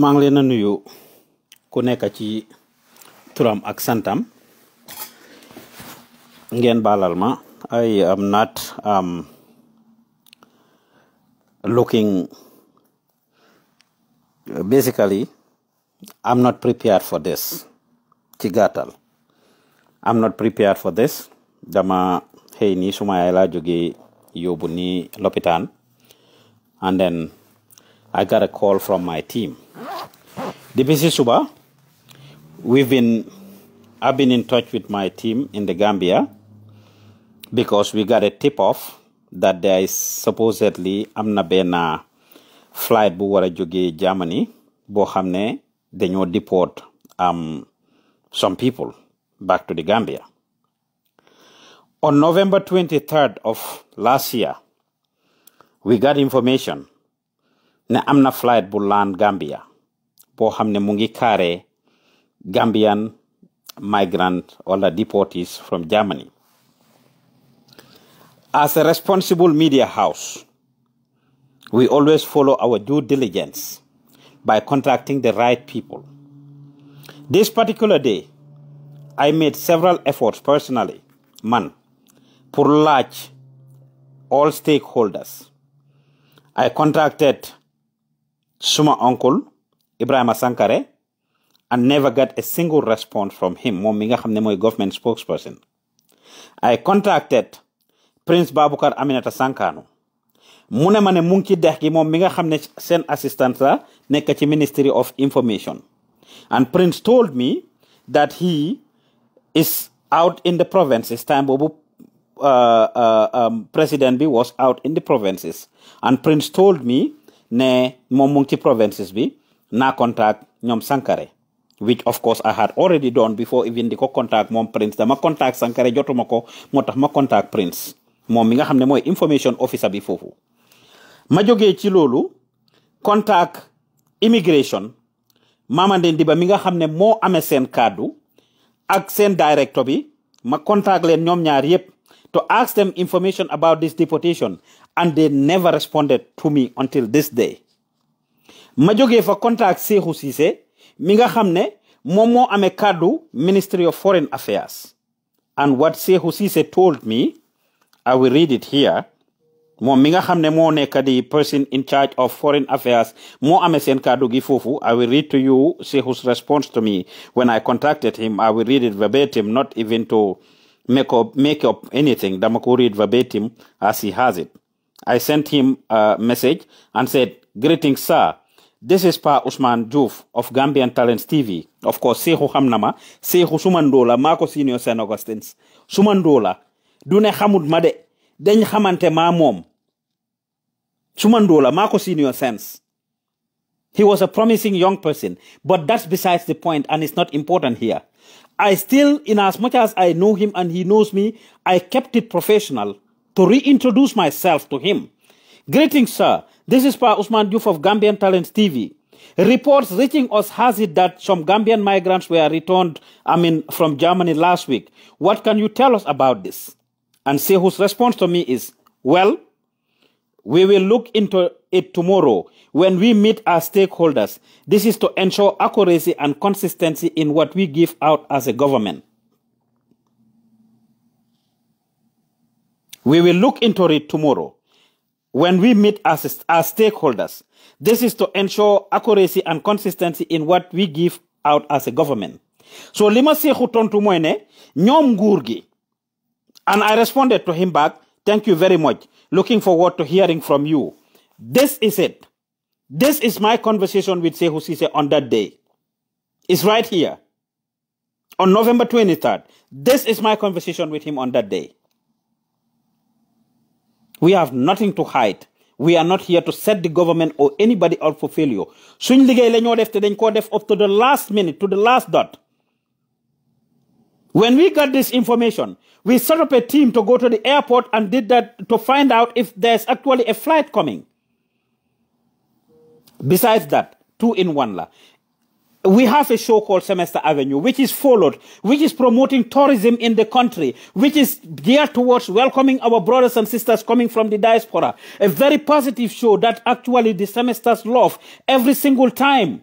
maa ngi leen a nuyu ku nekk ci turam ak santam ngeen baalal ma I am not um, looking basically I'm not prepared for this ci gàttal am not prepared for this dama xëy nii suma yaay laa jógee yóbbu nii lopitaan and then I got a call from my team. DPC Suba, we've been, I've been in touch with my team in the Gambia because we got a tip off that there is supposedly amna bena benn flight bu war a jógee Germany boo xam ne deport um, some people back to the Gambia. On November 23rd of last year, we got information ne Amna flight bu land Gambia boo xam ne mu ngi Gambian migrant wala deportees from Germany. As a responsible media house, we always follow our due diligence by contacting the right people. This particular day, I made several efforts personally, man, pour large all stakeholders. I contacted suma uncle Ibrahim Sankare and never got a single response from him moom mi government spokesperson I contacted Prince Babukar Aminata Sankanu mu ne ma ne mu ngi assistant la Ministry of Information and Prince told me that he is out in the provinces time boobu uh, uh, um, president B was out in the provinces and Prince told me ne moom mu ngi ci provinces bi naa contact ñoom Sankare which of course I had already done before even di ko contact moom Prince dama contact Sankare jotuma ko moo tax ma contact Prince moom mi nga xam ne mooy information officer bi foofu ma jógee ci loolu contact immigration Mamanden Diba mi nga xam ne moo amee seen kàddu ak seen director bi ma contact leen ñoom ñaar yëpp to ask them information about this deportation and they never responded to me until this day ma jógee fa contact Cheikhou Cissé mi nga xam ne moom moo Ministry of Foreign Affairs and what Cheikhou Cissé told me I will read it here Mo mi nga xam ne moo di person in charge of foreign affairs Mo amee seen kàddu gi foofu I will read to you Cheikhou's response to me when I contacted him I will read it verbatim not even to make up make up anything dama ko read verbatim as he has it I sent him a message and said, Greetings, sir. This is Pa Usman Juf of Gambian Talents TV. Of course, Sehu Hamnama, Sehu Sumandola, Marco Senior Saint Augustine's. Sumandola, Dune Hamud Made, Den Hamante Ma Mom. Sumandola, Marco Senior Sense. He was a promising young person, but that's besides the point and it's not important here. I still, in as much as I know him and he knows me, I kept it professional to reintroduce myself to him. Greetings, sir. This is Pa Usman Diouf of Gambian Talent TV. Reports reaching us has it that some Gambian migrants were returned, I mean, from Germany last week. What can you tell us about this? And Sehu's response to me is, well, we will look into it tomorrow when we meet our stakeholders. This is to ensure accuracy and consistency in what we give out as a government. We will look into it tomorrow when we meet as, stakeholders. This is to ensure accuracy and consistency in what we give out as a government. So lima seexu ne and I responded to him back thank you very much looking forward to hearing from you this is it this is my conversation with Sehu Sise on that day it's right here on November 23rd this is my conversation with him on that day we have nothing to hide. We are not here to set the government or anybody out for failure. up to the last minute, to the last dot. When we got this information, we set up a team to go to the airport and did that to find out if there's actually a flight coming. Besides that, two in one la we have a show called Semester Avenue, which is followed, which is promoting tourism in the country, which is geared towards welcoming our brothers and sisters coming from the diaspora. A very positive show that actually the semesters love every single time.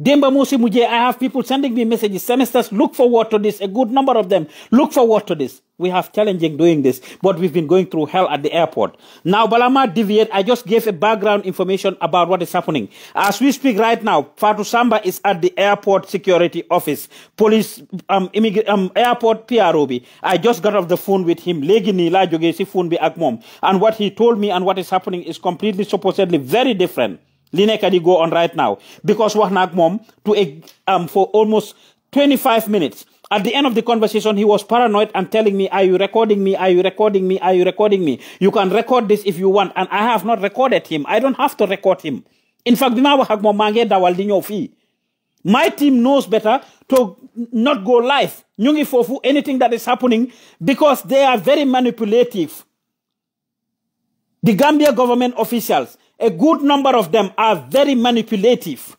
Demba Musi Muje, I have people sending me messages. Semesters, look forward to this. A good number of them look forward to this. We have challenging doing this, but we've been going through hell at the airport. Now, Balama deviate. I just gave a background information about what is happening. As we speak right now, Fatu Samba is at the airport security office, police, um, um airport PROB. I just got off the phone with him. phone bi And what he told me and what is happening is completely supposedly very different. Line can go on right now because what nak mom to a, um for almost 25 minutes. At the end of the conversation, he was paranoid and telling me, Are you recording me? Are you recording me? Are you recording me? You can record this if you want. And I have not recorded him. I don't have to record him. In fact, my team knows better to not go live. Anything that is happening because they are very manipulative. The Gambia government officials, a good number of them are very manipulative.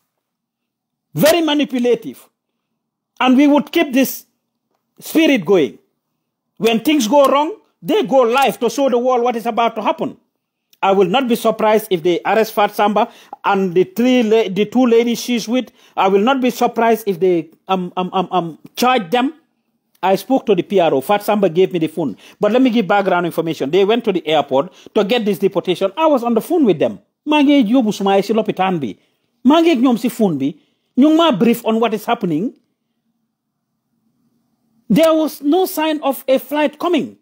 Very manipulative. And we would keep this spirit going. When things go wrong, they go live to show the world what is about to happen. I will not be surprised if they arrest Fat Samba and the three the two ladies she's with. I will not be surprised if they um, um, um, um, charge them. I spoke to the PRO. Fat Samba gave me the phone. But let me give background information. They went to the airport to get this deportation. I was on the phone with them. Mange yobu sumaye si lopitan bi. Mange nyom si phone bi. Nyung ma brief on what is happening there was no sign of a flight coming.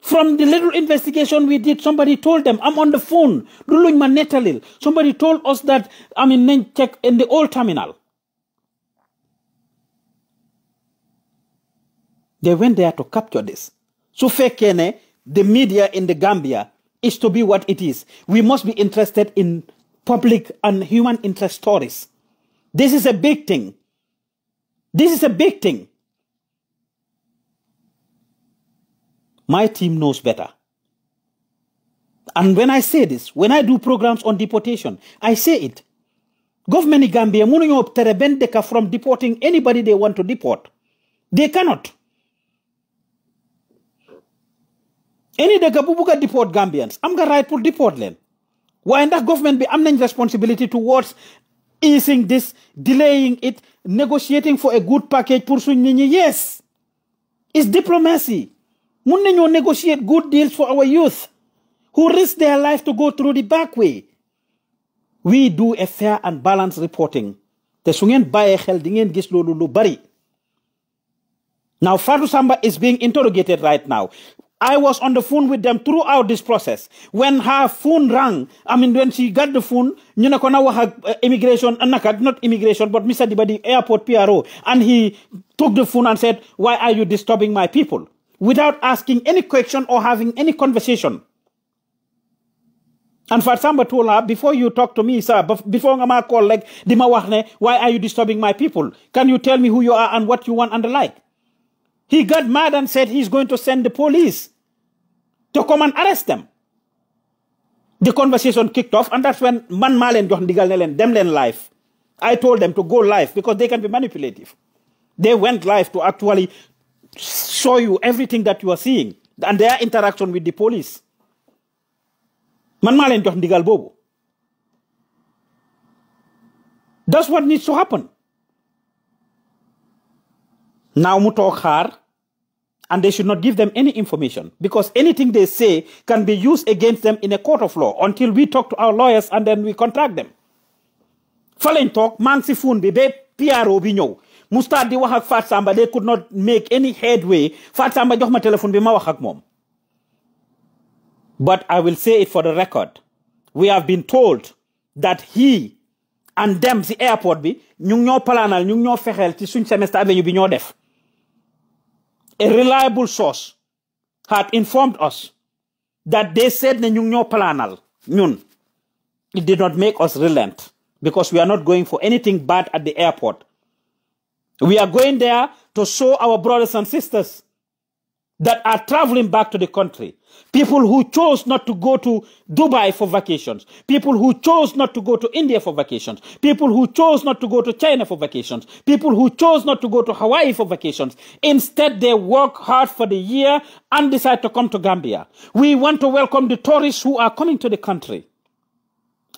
From the little investigation we did, somebody told them, I'm on the phone, ruling Somebody told us that I'm in check in the old terminal. They went there to capture this. So Fekene, the media in the Gambia, is to be what it is. We must be interested in public and human interest stories. This is a big thing. This is a big thing. My team knows better. And when I say this, when I do programs on deportation, I say it. Government in Gambia, Mununyo Terebendeka from deporting anybody they want to deport. They cannot. Any daga bubuga deport Gambians. I'm gonna right to deport them. Why in that government be amning responsibility towards easing this, delaying it, negotiating for a good package, pursuing Yes. It's diplomacy mun negotiate good deals for our youth who risk their life to go through the back way we do a fair and balanced reporting The su ngeen bàyyee xel bari now Fatou Samba is being interrogated right now I was on the phone with them throughout this process when her phone rang I mean when she got the phone you know, ko eh, immigration eh, not immigration but Mr Dibadi airport PRO and he took the phone and said why are you disturbing my people without asking any question or having any conversation. And for example, Tula, before you talk to me, sir, before I'm call, like, Dima why are you disturbing my people? Can you tell me who you are and what you want and the like? He got mad and said he's going to send the police to come and arrest them. The conversation kicked off, and that's when Man Malen John Digalnelen, them then live. I told them to go live because they can be manipulative. They went live to actually show you everything that you are seeing and their interaction with the police man maa jox ndigal that's what needs to happen now mu talk xaar and they should not give them any information because anything they say can be used against them in a court of law until we talk to our lawyers and then we contract them fa lañ toog si fun bi ba PRO bi ñëw Moustapha di wax ak Fat Samba they could not make any headway Fat Samba jox ma téléphone bi ma wax ak but I will say it for the record we have been told that he and them, si airport bi ñu ñoo palaanal ñu ñoo ci suñ Semester Avenue bi ñoo def a reliable source had informed us that they said ne ñu ngi ñoo palaanal ñun it did not make us relent because we are not going for anything bad at the airport we are going there to show our brothers and sisters that are traveling back to the country. People who chose not to go to Dubai for vacations. People who chose not to go to India for vacations. People who chose not to go to China for vacations. People who chose not to go to Hawaii for vacations. Instead, they work hard for the year and decide to come to Gambia. We want to welcome the tourists who are coming to the country.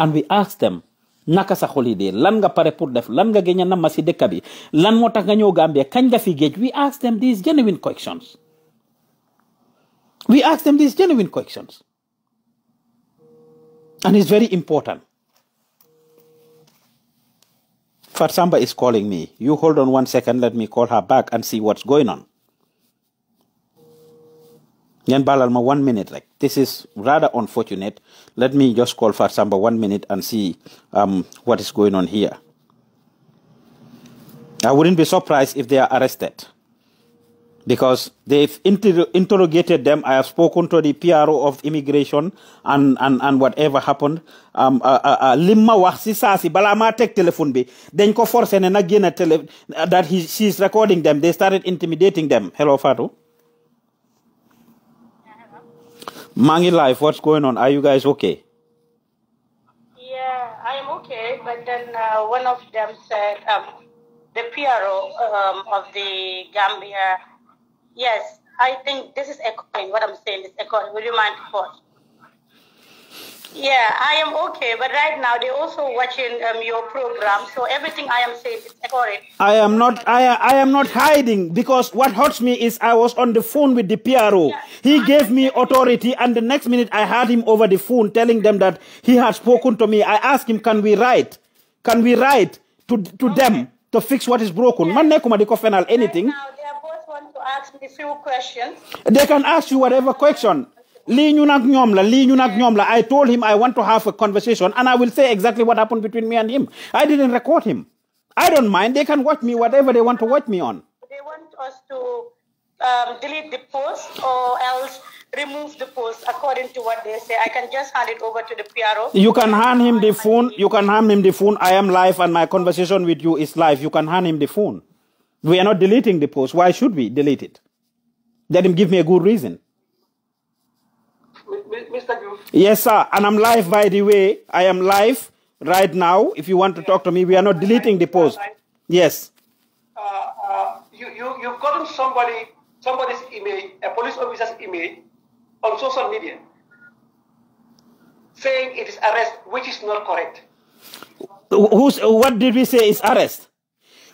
And we ask them, naka sa holiday lan nga pare pour def lan nga génne na ma si dëkk bi lan nga ñëw Gambia kañ nga fi géej we ask them these genuine questions we ask them these genuine questions and it's very important Farsamba is calling me you hold on one second let me call her back and see what's going on Yan balal ma one minute rek this is rather unfortunate let me just call for Samba one minute and see um, what is going on here I wouldn't be surprised if they are arrested because they've inter interrogated them. I have spoken to the PRO of immigration and, and, and whatever happened. Um, uh, uh, uh limma wax si sasi balama tek telephone bi Then ko force na gëna that he she's recording them they started intimidating them hello Fatou Mangi Life, what's going on? Are you guys okay? Yeah, I'm okay. But then uh, one of them said, um, the PRO um, of the Gambia, yes, I think this is echoing what I'm saying. a echoing. Would you mind to pause? Yeah, I am okay, but right now they're also watching um, your program, so everything I am saying is correct. I am not. I I am not hiding because what hurts me is I was on the phone with the PRO. Yeah. He gave me authority, and the next minute I had him over the phone telling them that he had spoken to me. I asked him, "Can we write? Can we write to to okay. them to fix what is broken?" Man, nekuma diko fenal anything. Right now, they both want to ask me few questions. They can ask you whatever question. I told him I want to have a conversation and I will say exactly what happened between me and him I didn't record him I don't mind they can watch me whatever they want to watch me on. They want us to um, delete the post or else remove the post according to what they say. I can just hand it over to the PRO. You can hand him the phone. You can hand him the phone. I am live and my conversation with you is live. You can hand him the phone. We are not deleting the post. Why should we delete it? Let him give me a good reason. Mr. Goof? Yes, sir. And I'm live, by the way. I am live right now. If you want to talk to me, we are not deleting the post. Yes. Uh, uh, you, you, you've gotten somebody, somebody's image, a police officer's image on social media saying it is arrest, which is not correct. Who's, what did we say is arrest?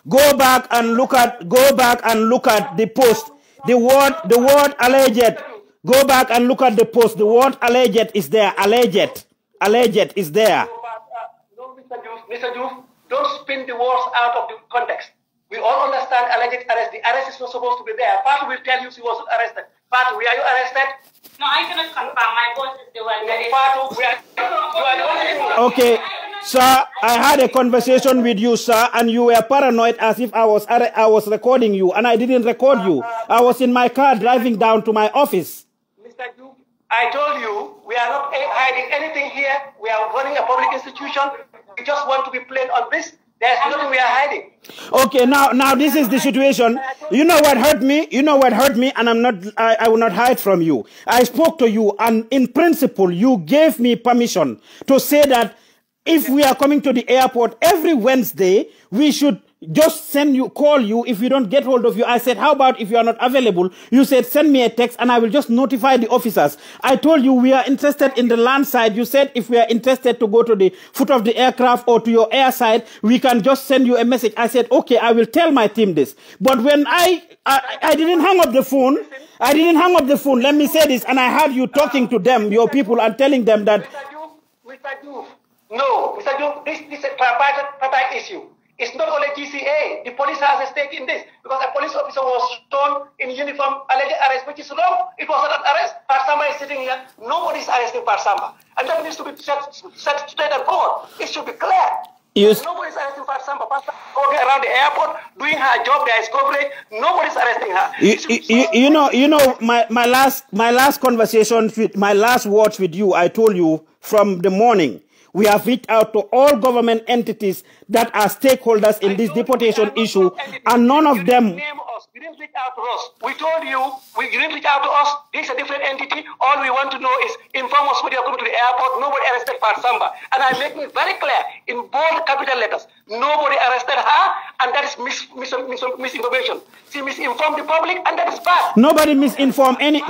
Go back and look at, go back and look at the post. The word, the word alleged Go back and look at the post. The word alleged is there. Alleged. Alleged is there. Uh, no, Mr. Juf, Mr. Juf, don't spin the words out of the context. We all understand alleged arrest. The arrest is not supposed to be there. Part will tell you she was arrested. Part, were you arrested? No, I cannot confirm. My voice is the one were you Okay. Sir, I had a conversation with you, sir, and you were paranoid as if I was I was recording you, and I didn't record you. I was in my car driving down to my office. I told you we are not hiding anything here. We are running a public institution. We just want to be plain on this. There's nothing we are hiding. Okay, now now this is the situation. You know what hurt me? You know what hurt me, and I'm not. I, I will not hide from you. I spoke to you, and in principle, you gave me permission to say that if we are coming to the airport every Wednesday, we should just send you, call you if you don't get hold of you. I said, how about if you are not available? You said, send me a text and I will just notify the officers. I told you we are interested in the land side. You said if we are interested to go to the foot of the aircraft or to your air side, we can just send you a message. I said, okay, I will tell my team this. But when I, I, I didn't hang up the phone. I didn't hang up the phone. Let me say this. And I heard you talking to them, your people, and telling them that. Mr. Duke, Mr. Duke. no, Mr. Duke, this, this is a private, private issue. It's not only TCA. The police has a stake in this because a police officer was shown in uniform alleged arrest, which is wrong. It was not an arrest. Parsama is sitting here. Nobody is arresting Parsama. And that needs to be set, set straight and forward. It should be clear. Yes. is arresting Parsama. Parsama going around the airport doing her job. There is coverage. is arresting her. You, you, you, know, you know, my, my last my last conversation with my last words with you, I told you from the morning we have reached out to all government entities that are stakeholders in I this deportation issue, and none of them. Us. We didn't reach out to us. We told you we didn't reach out to us. This is a different entity. All we want to know is inform us when you're coming to the airport. Nobody arrested Farsamba. And I make it very clear in bold capital letters. Nobody arrested her, and that is mis mis mis misinformation. She misinformed the public, and that is bad. Nobody misinformed any.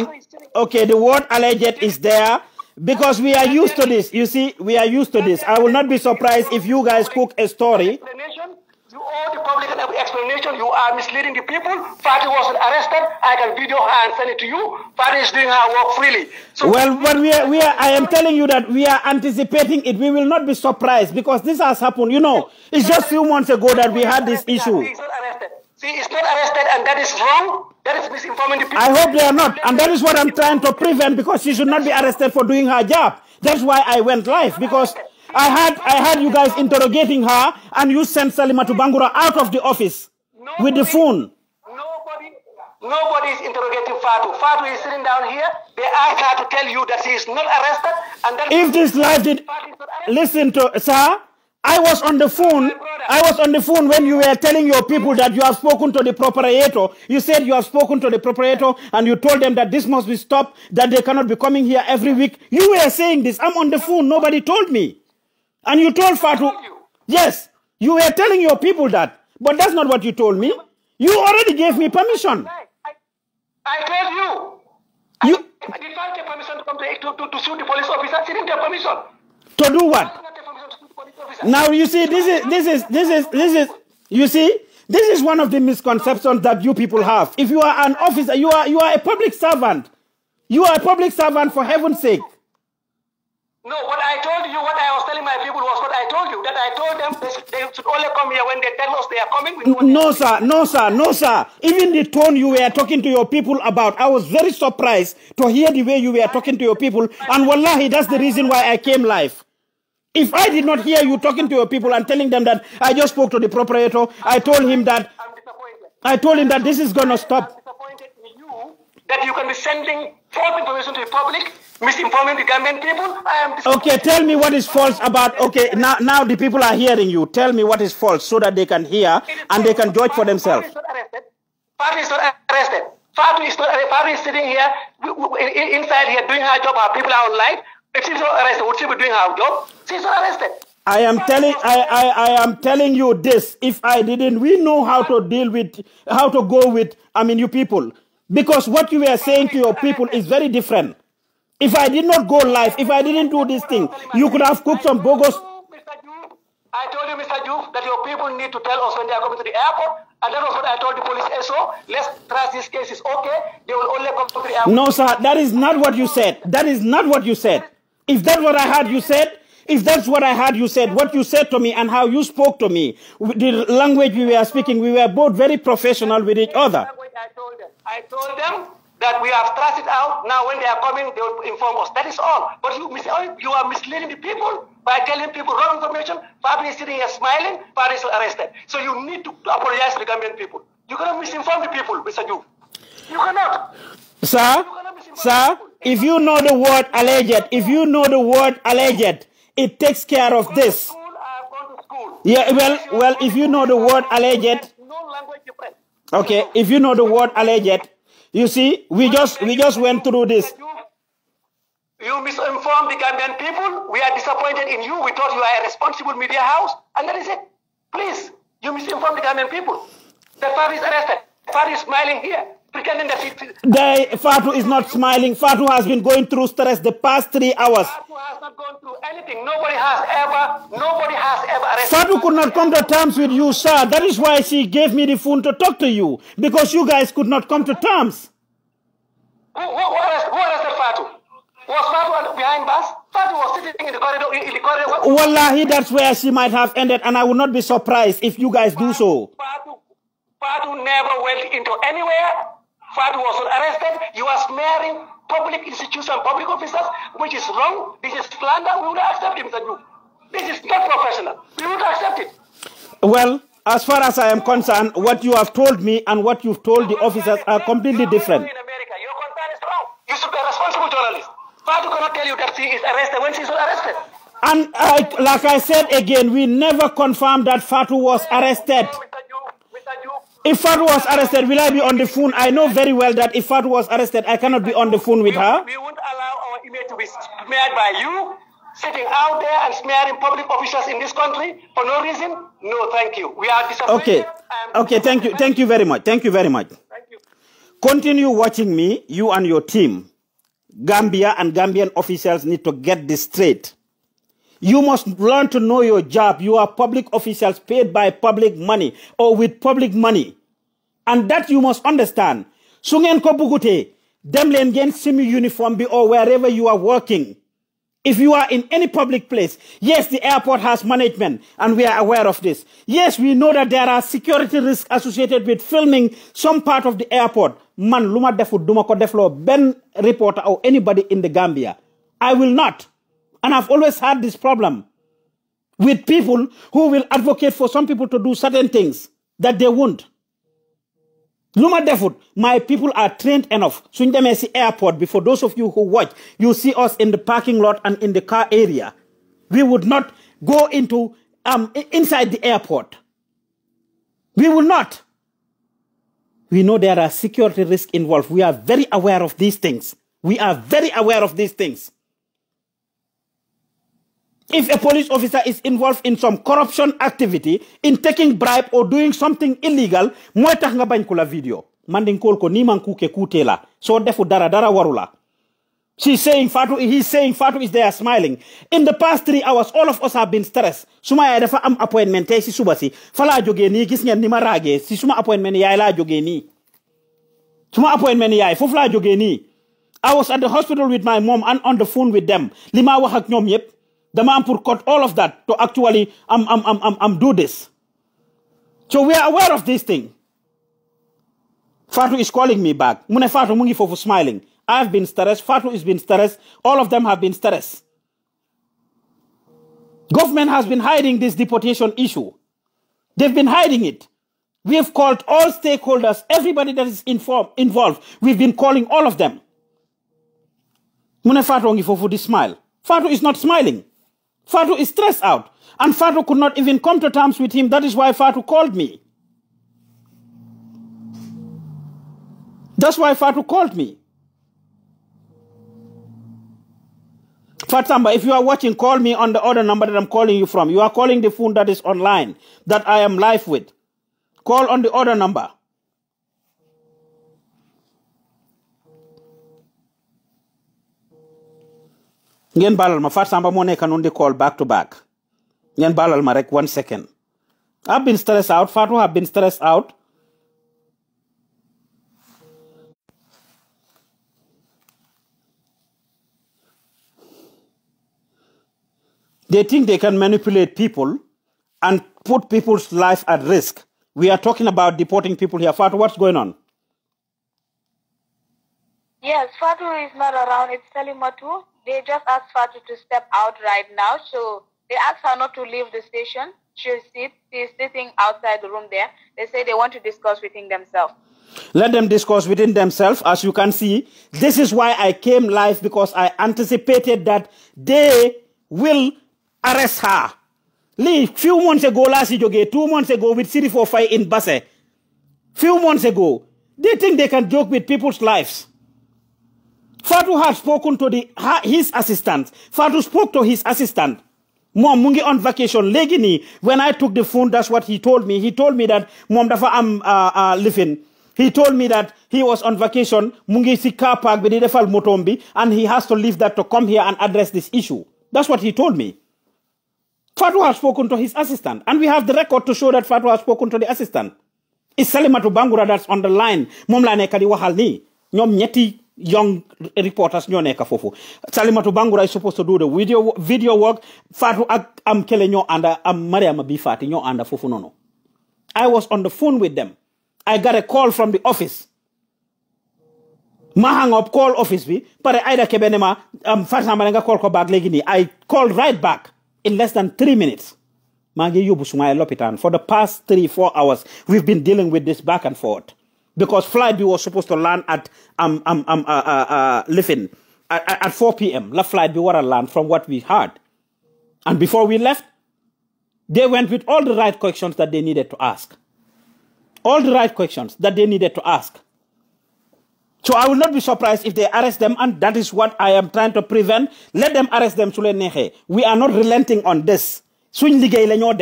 Okay, the word alleged is there. Because we are used to this. You see, we are used to this. I will not be surprised if you guys cook a story. You owe the public an explanation. You are misleading the people. Fati was not arrested. I can video her and send it to you. Fati is doing her work freely. So well, but we are, we are, I am telling you that we are anticipating it. We will not be surprised because this has happened. You know, it's just few months ago that we had this issue. She is not arrested, and that is wrong. That is misinforming the people. I hope they are not, and that is what I'm trying to prevent because she should not be arrested for doing her job. That's why I went live because. I had I had you guys interrogating her, and you sent Salima Bangura out of the office nobody, with the phone. Nobody, nobody is interrogating Fatu. Fatu is sitting down here. They asked her to tell you that she is not arrested, and that if this live did listen to sir, I was on the phone. I was on the phone when you were telling your people that you have spoken to the proprietor. You said you have spoken to the proprietor and you told them that this must be stopped, that they cannot be coming here every week. You were saying this. I'm on the phone. Nobody told me. And you told Fatu. Yes, you were telling your people that. But that's not what you told me. You already gave me permission. I told you. You. I did not get permission to come to, to, to, to sue the police officer. I didn't get permission. To do what? Now you see, this is this is this is this is you see, this is one of the misconceptions that you people have. If you are an officer, you are you are a public servant. You are a public servant for heaven's sake. No, what I told you, what I was telling my people was what I told you. That I told them they should only come here when they tell us they are coming. no, sir, no, sir, no, sir. Even the tone you were talking to your people about, I was very surprised to hear the way you were talking to your people. And wallahi, that's the reason why I came live. If I did not hear you talking to your people and telling them that I just spoke to the proprietor, I told him that I told him that this is gonna stop. that you can be sending false information to the public, misinforming the Gambian people. I am disappointed. Okay, tell me what is false about okay, now now the people are hearing you. Tell me what is false so that they can hear and they can judge for themselves. Fatu is not arrested. Fatu is not arrested. Fatu is sitting here inside here doing her job. Our people are online. It is not arrested. Would she be doing her job? She's not arrested. I am telling I, I, I am telling you this. If I didn't, we know how to deal with how to go with I mean you people. Because what you were saying to your people is very different. If I did not go live, if I didn't do this thing, you could have cooked some bogus. I told you, Mr. Juve, that your people need to tell us when they are coming to the airport. And that was what I told the police SO. Let's trust this case is okay. They will only come to the airport. No, sir, that is not what you said. That is not what you said. If that's what I heard you said, if that's what I heard you said, what you said to me and how you spoke to me, the language we were speaking, we were both very professional with each other. I told them, I told them that we have trusted it out. Now, when they are coming, they will inform us. That is all. But you, oh, you are misleading the people by telling people wrong information. Fabi is sitting here smiling. Fabi is arrested. So you need to apologize to the Gambian people. You cannot misinform the people, Mr. Ju. You cannot. Sir? You cannot misinform sir? If you know the word alleged, if you know the word alleged, it takes care of this. Yeah, well, well, if you know the word alleged, okay, if you know the word alleged, you see, we just we just went through this. You misinformed the Gambian people. We are disappointed in you. We thought you are a responsible media house, and that is it. Please, you misinformed the Gambian people. The father is arrested. The father is smiling here pretending that They, Fatu is not smiling. Fatu has been going through stress the past three hours. Fatu has not gone through anything. Nobody has ever, nobody has ever arrested. Fatu could not come to terms with you, sir. That is why she gave me the phone to talk to you because you guys could not come to terms. Who, who, who, arrested, who arrested Fatu? Was Fatu behind bars? Fatu was sitting in the corridor. In the corridor. Wallahi, that's where she might have ended, and I would not be surprised if you guys Fatu, do so. Fatu, Fatu never went into anywhere. Fatu was not arrested. You are smearing public institutions, public officers, which is wrong. This is slander. We will not accept it, Mr. This is not professional. We will not accept it. Well, as far as I am concerned, what you have told me and what you've told the officers are completely different. In America, your concern is wrong. You should be a responsible journalist. Fadu cannot tell you that she is arrested when she is not arrested. And I, like I said again, we never confirmed that Fatu was arrested. Mr. Yu, Mr. Yu, if Ifat was arrested, will I be on the phone? I know very well that if Ifat was arrested, I cannot be on the phone with her. We won't allow our image to be smeared by you, sitting out there and smearing public officials in this country for no reason. No, thank you. We are disappointed. Okay, okay thank you. Thank you very much. Thank you very much. Thank you. Continue watching me, you and your team. Gambia and Gambian officials need to get this straight. You must learn to know your job. You are public officials paid by public money or with public money. And that you must understand. Su ngeen ko bugutee dem leen ngeen simi uniform bi or wherever you are working. If you are in any public place, yes, the airport has management, and we are aware of this. Yes, we know that there are security risks associated with filming some part of the airport. Man, luma defu duma ko deflo ben reporter or anybody in the Gambia. I will not. And I've always had this problem with people who will advocate for some people to do certain things that they won't. Luma Defut, my people are trained enough. Sunjamesi Airport, before those of you who watch, you see us in the parking lot and in the car area. We would not go into, um, inside the airport. We will not. We know there are security risks involved. We are very aware of these things. We are very aware of these things. If a police officer is involved in some corruption activity, in taking bribe or doing something illegal, mooy tax nga bañ video. man din ko ni man kuke kuute la So defu dara dara warula. She's saying Fatu, he's saying Fatu is there smiling. In the past three hours, all of us have been stressed. Suma yaay dafa am appointment tey si suba si fa laa jógee gis ni ma ragesi si suma appointment yaay laa jógee Suma appointment yaay foofu laa jógee I was at the hospital with my mom and on the phone with them. Lima ma wax the am pour cut all of that to actually um, um, um, um, um, do this. So we are aware of this thing. Fatu is calling me back. Mune Fatu mungi fofu smiling. I've been stressed. Fatu has been stressed. All of them have been stressed. Government has been hiding this deportation issue. They've been hiding it. We have called all stakeholders, everybody that is inform, involved. We've been calling all of them. Mune Fatu ongi fofu this smile. Fatu is not smiling. Fatu is stressed out. And Fatu could not even come to terms with him. That is why Fatu called me. That's why Fatu called me. Fatamba, if you are watching, call me on the other number that I'm calling you from. You are calling the phone that is online, that I am live with. Call on the other number. ngeen balal ma Fatou Samba moo nekk di call back to back ngeen balal ma rek one second I've been stressed out Fatu. I've been stressed out they think they can manipulate people and put people's life at risk. We are talking about deporting people here. Fatu, what's going on? Yes, Fatu is not around. It's Salimatu they just asked Fatu to step out right now. So they asked her not to leave the station. She's, sit, she's sitting outside the room there. They say they want to discuss within themselves. Let them discuss within themselves. As you can see, this is why I came live because I anticipated that they will arrest her. Leave. few months ago, last year, two months ago with City 45 in Basse. Few months ago, they think they can joke with people's lives. Fatu had spoken to the, his assistant. Fatu spoke to his assistant. moom on vacation Legini. when I took the phone that's what he told me he told me that moom dafa am uh, uh, living. he told me that he was on vacation mu si car park bi di defal and he has to leave that to come here and address this issue that's what he told me Fatu has spoken to his assistant and we have the record to show that Fatu has spoken to the assistant it's Salimatu Bangura that's on the line moom laa nekk di waxal nii young reporters ñoo nekk foofu Salimatu Bangura is supposed to do the video video work Fatu ak am Kele And ànda am Mariama bi Fati ñoo ànda no no. I was on the phone with them I got a call from the office ma hang up call office bi pare Aida Kebe ne ma I'm nga call ko back léegi nii I called right back in less than three minutes maa yubu yóbbu lopitan. for the past three four hours we've been dealing with this back and forth because Flyby was supposed to land at um um um uh uh, uh living at, uh, uh, at 4 p.m. La Flyby were to land from what we heard, and before we left, they went with all the right questions that they needed to ask, all the right questions that they needed to ask. So I will not be surprised if they arrest them, and that is what I am trying to prevent. Let them arrest them. We are not relenting on this. Swing ligay lañoo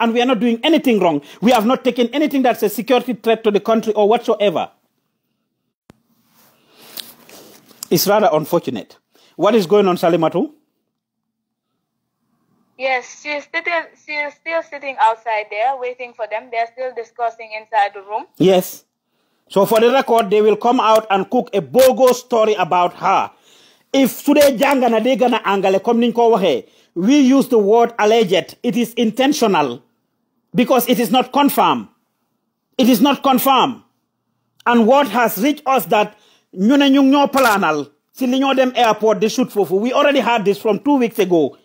and we are not doing anything wrong. We have not taken anything that's a security threat to the country or whatsoever. It's rather unfortunate. What is going on, Salimatu? Yes, she's sitting, she's still sitting outside there waiting for them. They're still discussing inside the room. Yes. So for the record, they will come out and cook a bogo story about her. If today na degana angale we use the word alleged. It is intentional because it is not confirmed. It is not confirmed. And what has reached us that ñu ñu ñoo planal li ñoo dem airport they shoot foofu we already had this from two weeks ago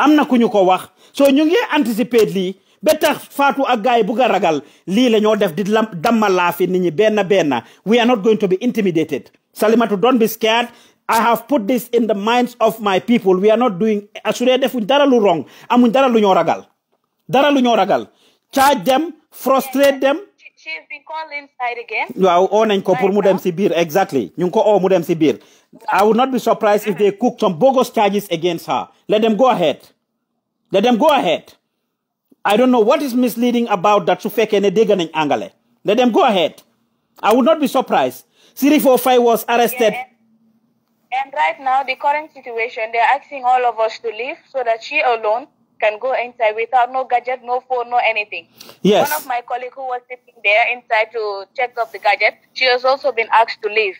am na ku ñu ko wax so ñu ngi anticipate li ba tax Fatou ak gars yi bugg ragal lii la def di dammalaafi nit ñi benn we are not going to be intimidated Salimatu don't be scared I have put this in the minds of my people we are not doing Asure defu defuñ dara lu wrong amuñ dara lu ñoo ragal dara lu ñoo ragal charge them frustrate them she's been called inside again exactly ñu I would not be surprised if they cook some bogus charges against her let them go ahead let them go ahead I don't know what is misleading about that su fekkee angale let them go ahead I would not be surprised Sirifo Faye was arrested and right now the current situation they're asking all of us to leave so that she alone can go inside without no gadget, no phone, no anything. Yes. One of my colleagues who was sitting there inside to check off the gadget, she has also been asked to leave.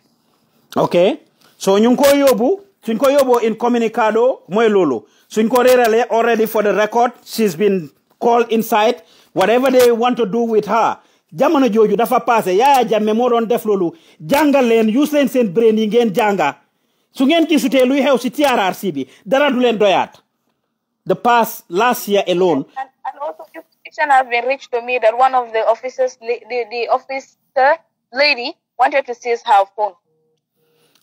Okay. So nyunko yobu, sunko yobo incommunicado moelolo. Sunko rerele already for the record, she's been called inside. Whatever they want to do with her, Jamanujo joju dafa passé ya jamme moo doon def loolu jàngal leen use leen brain ngeen jànga su ngeen gisutee luy xew si TRRC bi dara du leen the past last year alone. And, and also, information has been reached to me that one of the officers, the, the officer lady, wanted to seize her phone.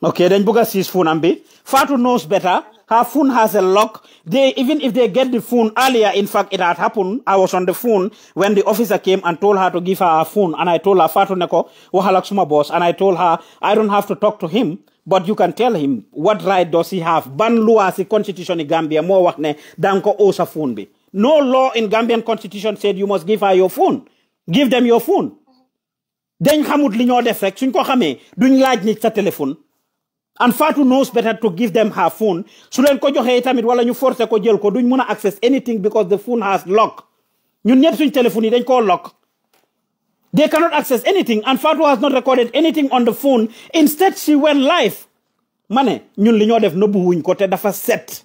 Okay, then Buga sees phone, Ambi. Fatu knows better. Her phone has a lock. They even if they get the phone earlier, in fact, it had happened. I was on the phone when the officer came and told her to give her her phone, and I told her Fatu Neko, Wahalaksuma boss, and I told her I don't have to talk to him but you can tell him what right does he have ban as a constitution in Gambia More wax ne danga Osa phone be. no law in Gambian constitution said you must give her your phone give them your phone Then xamut You ñoo def rek suñ ko xamee duñ laaj sa téléphone and Fatu knows better to give them her phone So then ko joxee tamit wala force forcer ko jël ko duñ mun access anything because the phone has lock ñun ñëpp suñ téléphone Then call lock they cannot access anything, and Fatu has not recorded anything on the phone. Instead, she went live. Mané ñun li ñoo def nobu wuñ ko te dafa set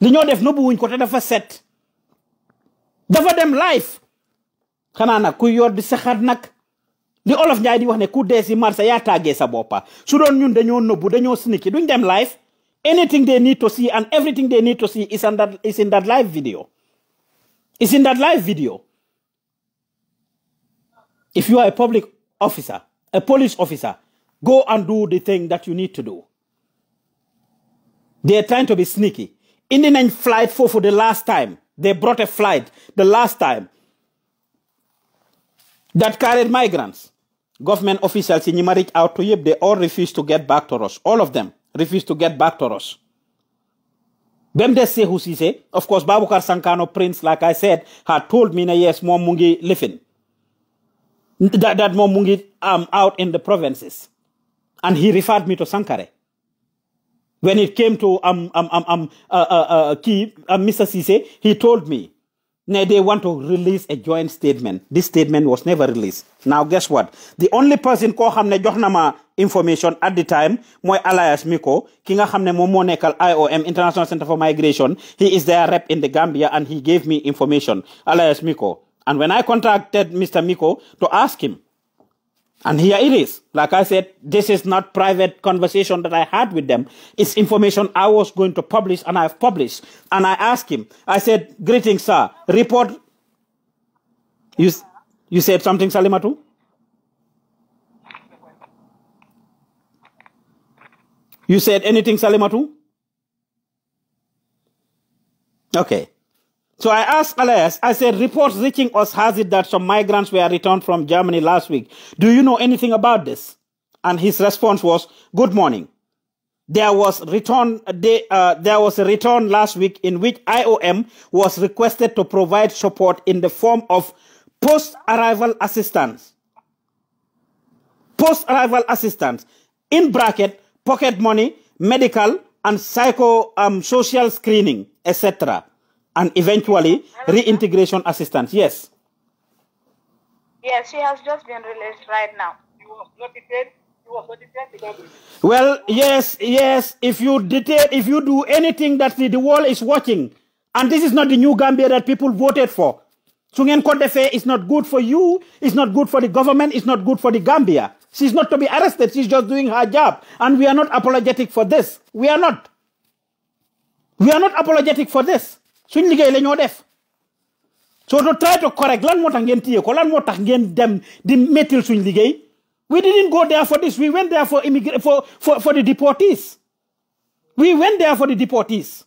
li ñoo def nobu wuñ ko te dafa set dafa dem live xanaa nag ku yor di saxaat nag li olof Njaay di wax ne ku dee si marché yaa tàggee sa boppa su doon ñun dañoo nëbbu dañoo sniki duñ dem live anything they need to see and everything they need to see is in that is in that live video is in that live video. If you are a public officer, a police officer, go and do the thing that you need to do. They are trying to be sneaky. Indian flight for, for the last time. They brought a flight the last time that carried migrants. Government officials in Yimarich out to Yip, they all refused to get back to us. All of them refused to get back to us. Them they say who she say. Of course, Babukar Sankano Prince, like I said, had told me na yes, mom mungi living that, that mom um, out in the provinces and he referred me to Sankare. When it came to um, um, um, um, uh, uh, uh, Key, uh, Mr. Sise, he told me now they want to release a joint statement. This statement was never released. Now guess what? The only person ko had jox information at the time my alias Miko, ki nga xamne IOM International Center for Migration. He is their rep in the Gambia and he gave me information. Alias Miko, and when I contacted Mr. Miko to ask him, and here it is. Like I said, this is not private conversation that I had with them. It's information I was going to publish and I've published. And I asked him, I said, greetings, sir. Report. You, you said something, Salimatu? You said anything, Salimatu? Okay. So I asked Elias, I said, reports reaching us has it that some migrants were returned from Germany last week. Do you know anything about this? And his response was, good morning. There was return, they, uh, there was a return last week in which IOM was requested to provide support in the form of post-arrival assistance. Post-arrival assistance, in bracket, pocket money, medical, and psycho um, social screening, etc and eventually reintegration assistance. Yes. Yes, she has just been released right now. She was not detained. She was not detained because. Well, yes, yes. If you detain, if you do anything that the, the world is watching, and this is not the new Gambia that people voted for. Sungen Kodefe is not good for you, it's not good for the government, it's not good for the Gambia. She's not to be arrested, she's just doing her job. And we are not apologetic for this. We are not. We are not apologetic for this suñ liggéey def so to correct lan moo tax ngeen ko lan moo tax ngeen dem di mettil suñ liggéey we didn't go there for this we went there for immigr for for for the deportees we went there for the deportees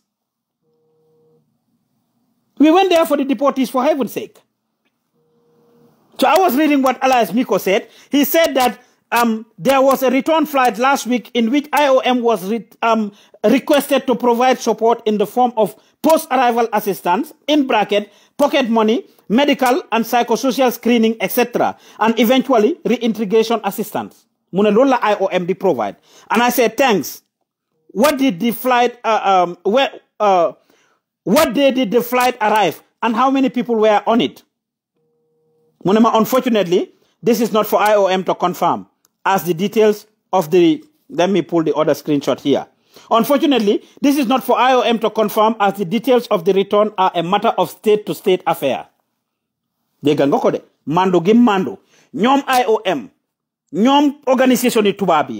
we went there for the deportees for heaven's sake so I was reading what Elias Miko said he said that um, there was a return flight last week in which IOM was re um, requested to provide support in the form of post-arrival assistance, in bracket, pocket money, medical and psychosocial screening, etc., and eventually reintegration assistance. Munelola IOM did provide. And I said, thanks. What did the flight, uh, um, where, uh, what day did the flight arrive and how many people were on it? Munema, unfortunately, this is not for IOM to confirm as the details of the, let me pull the other screenshot here. Unfortunately, this is not for IOM to confirm as the details of the return are a matter of state-to-state affair. -state affair. Degangokode, mando gim mando, nyom IOM, nyom organisation yi tubaab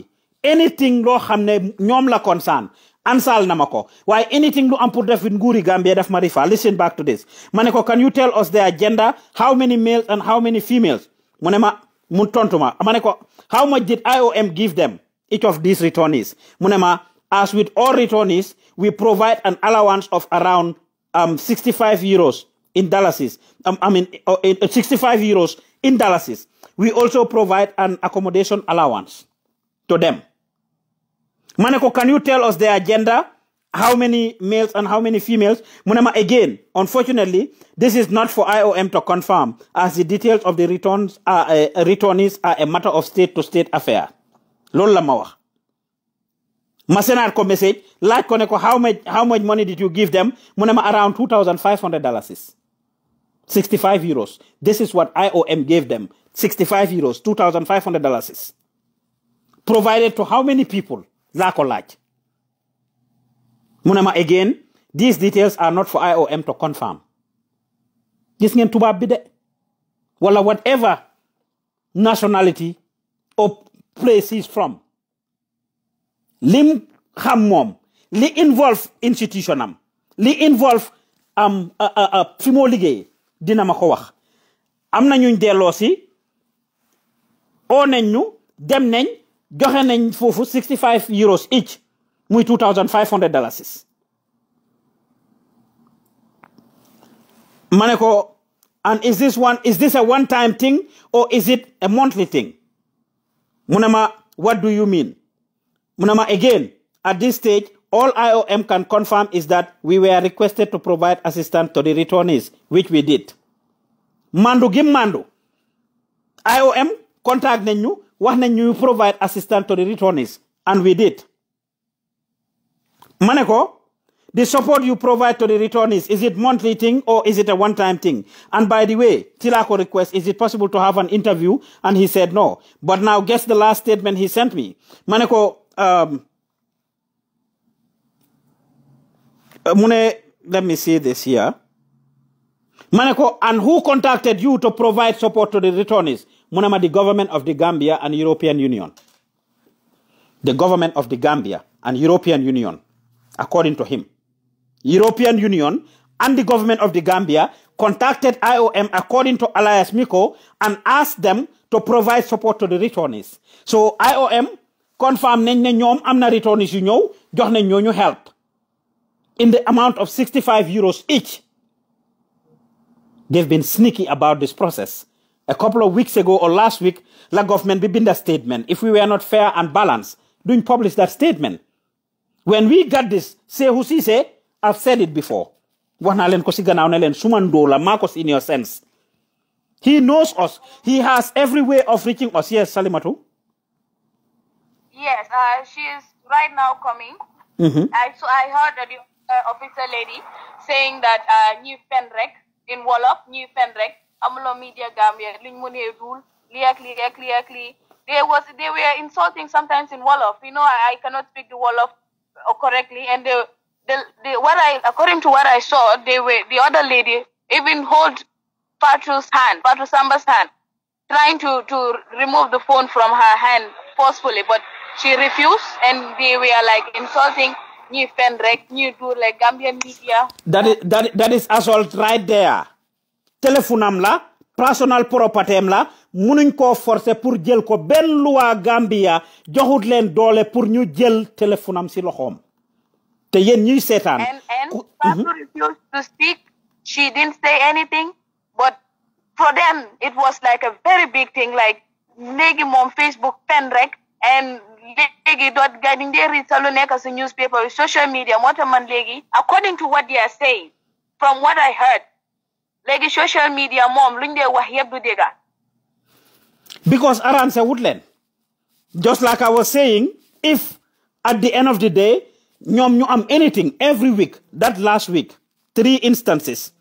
anything lo hamne nyom la concern ansal namako why anything lo am pour def with nguuri Gambia daf ma listen back to this maneko can you tell us the agenda how many males and how many females mu ne maneko how much did IOM give them? Each of these returnees. Munema, as with all returnees, we provide an allowance of around um, 65 euros in dollars. Um, I mean, uh, uh, 65 euros in dollars. We also provide an accommodation allowance to them. Maneko, can you tell us the agenda? how many males and how many females. Munema, again, unfortunately, this is not for IOM to confirm, as the details of the returns are, uh, uh returnees are a matter of state-to-state -state affair. Lola mawa. Masenar ko message, like koneko, how much, how much money did you give them? Munema, around $2,500. 65 euros. This is what IOM gave them. 65 euros, $2,500. Provided to how many people? Lakolaj munama again these details are not for IOM to confirm This ngeen tubaab bi wala whatever nationality or place he's from lim xam li involve institutionam. li involve um, a a a liggéey dina ma ko wax am na ñuñ delloo si oo dem nañ joxe nañ foofu 65 euros each muy two thousand five hundred dollars, ma ne and is this one is this a one time thing or is it a monthly thing Munama, what do you mean Munama, again at this stage all IOM can confirm is that we were requested to provide assistance to the returnees, which we did. Mando gim mando. IOM contact nenyu, wah nenyu provide assistance to the returnees, and we did. Manako, the support you provide to the returnees is it monthly thing or is it a one time thing and by the way tilako request is it possible to have an interview and he said no but now guess the last statement he sent me Manako, um, uh, Mune, let me see this here. Maneko, and who contacted you to provide support to the returnees? Munama, the government of the Gambia and European Union. The government of the Gambia and European Union according to him. European Union and the government of the Gambia contacted IOM according to Elias Miko and asked them to provide support to the returnees. So IOM confirmed that they are am na returnees yu ñëw help in the amount of 65 euros each. They've been sneaky about this process. A couple of weeks ago or last week, the government made bind a statement. If we were not fair and balanced, doing publish that statement when we got this say Sehu Cisse, I've said it before. Wanalen Shuman do? sumandola Marcos in your sense. He knows us. He has every way of reaching us. Yes, Salimatu. Yes, uh, she is right now coming. Mm -hmm. I so I heard the uh, officer lady saying that uh, New Fenrek in Wolof, New Fenrek, Amulo Media Gambia, Lingmune Rule, Liakli, Liakli, Liakli. They was they were insulting sometimes in Wolof. You know, I, I cannot speak the Wolof correctly, and the the what I, according to what I saw, they were the other lady even hold Patru's hand, Fatu Samba's hand, trying to to remove the phone from her hand forcefully, but she refused, and they were like insulting. New Fenrek, new do like Gambian media. That is that that is assault right there. Telephone amla, personal property munuñ koo forcer pour jël ko ben luwaa Gambia joxut leen doole pour ñu jël téléphone am si loxoom te yéen ñuy seetaan. and and mhm. refused to speak she didn't say anything but for them it was like a very big thing like léegi moom Facebook fen rek and léegi doot ga di ndee read sa lu nekk si newspaper bi social media moo tax man léegi according to what they are saying from what I heard léegi social media mom luñ dee wax yëpp du dégga because Aran's a woodland. Just like I was saying, if at the end of the day, nyom nyom anything every week, that last week, three instances,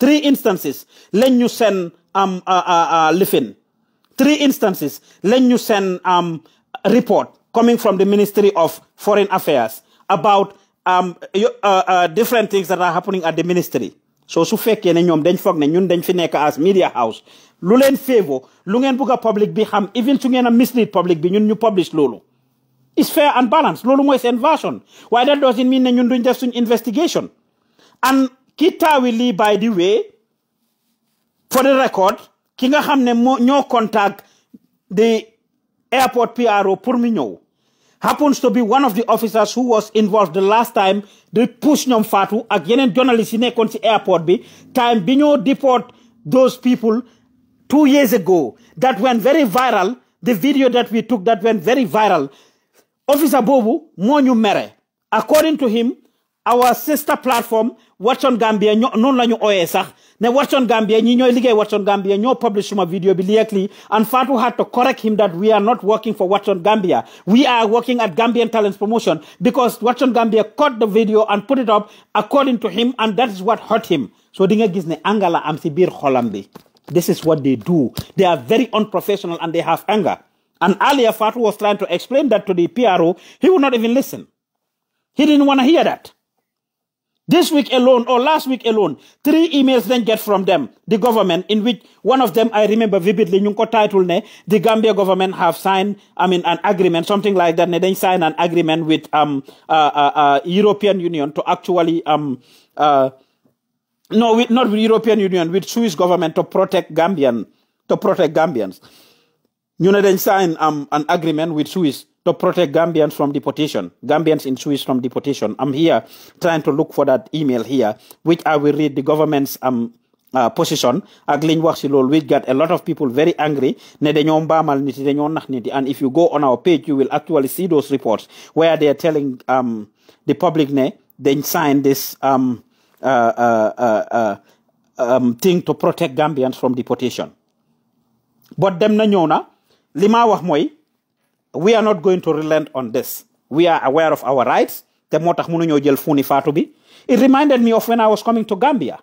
three instances, len you send um uh, uh, uh, living, Three instances, len you send um report coming from the Ministry of Foreign Affairs about um, uh, uh, different things that are happening at the ministry. So su fekkee ne ñoom dañ foog ne ñun dañ fi nekk as media house lu fevo favor lu public bi xam even su ngeen mislead public bi ñun ñu publish loolu is fair and balanced. loolu mooy seen version Why that doesn't mean ne ñun duñ def suñ investigation and ki taawi lii by the way for the record ki nga xam ne contact the airport PRO pour ñëw happens to be one of the officers who was involved the last time they push ñoom fatu ak yeneen journalist yi nekkoon ci airport bi time bi ñoo deport those people two years ago that went very viral, the video that we took that went very viral, Officer Bobu Monyu Mere, according to him, our sister platform Watch on Gambia non la ñu ooyee ne Watch on Gambia ñi ñooy liggéey Watch on Gambia ñoo publish my video bilikli, and Fatu had to correct him that we are not working for Watch on Gambia we are working at Gambian Talents Promotion because Watch on Gambia caught the video and put it up according to him and that is what hurt him so di nga gis ne anga am si biir this is what they do. They are very unprofessional and they have anger. And earlier, Fatu was trying to explain that to the PRO. He would not even listen. He didn't want to hear that. This week alone, or last week alone, three emails then get from them, the government, in which one of them I remember vividly, Nyunko title, ne, the Gambia government have signed, I mean, an agreement, something like that, ne, they signed an agreement with um, uh, uh, uh, European Union to actually um, uh, no, with, not with European Union, with Swiss government to protect Gambian, to protect Gambians. You know, they signed um, an agreement with Swiss to protect Gambians from deportation, Gambians in Swiss from deportation. I'm here trying to look for that email here, which I will read the government's um, uh, position Aglin liñ which got a lot of people very angry and if you go on our page you will actually see those reports where they are telling um, the public ne they signed this um, uh, uh, uh, um, thing to protect Gambians from deportation. But dem na nyona lima li maa wax we are not going to relent on this. We are aware of our rights. te moo tax jël fuuni faatu bi. It reminded me of when I was coming to Gambia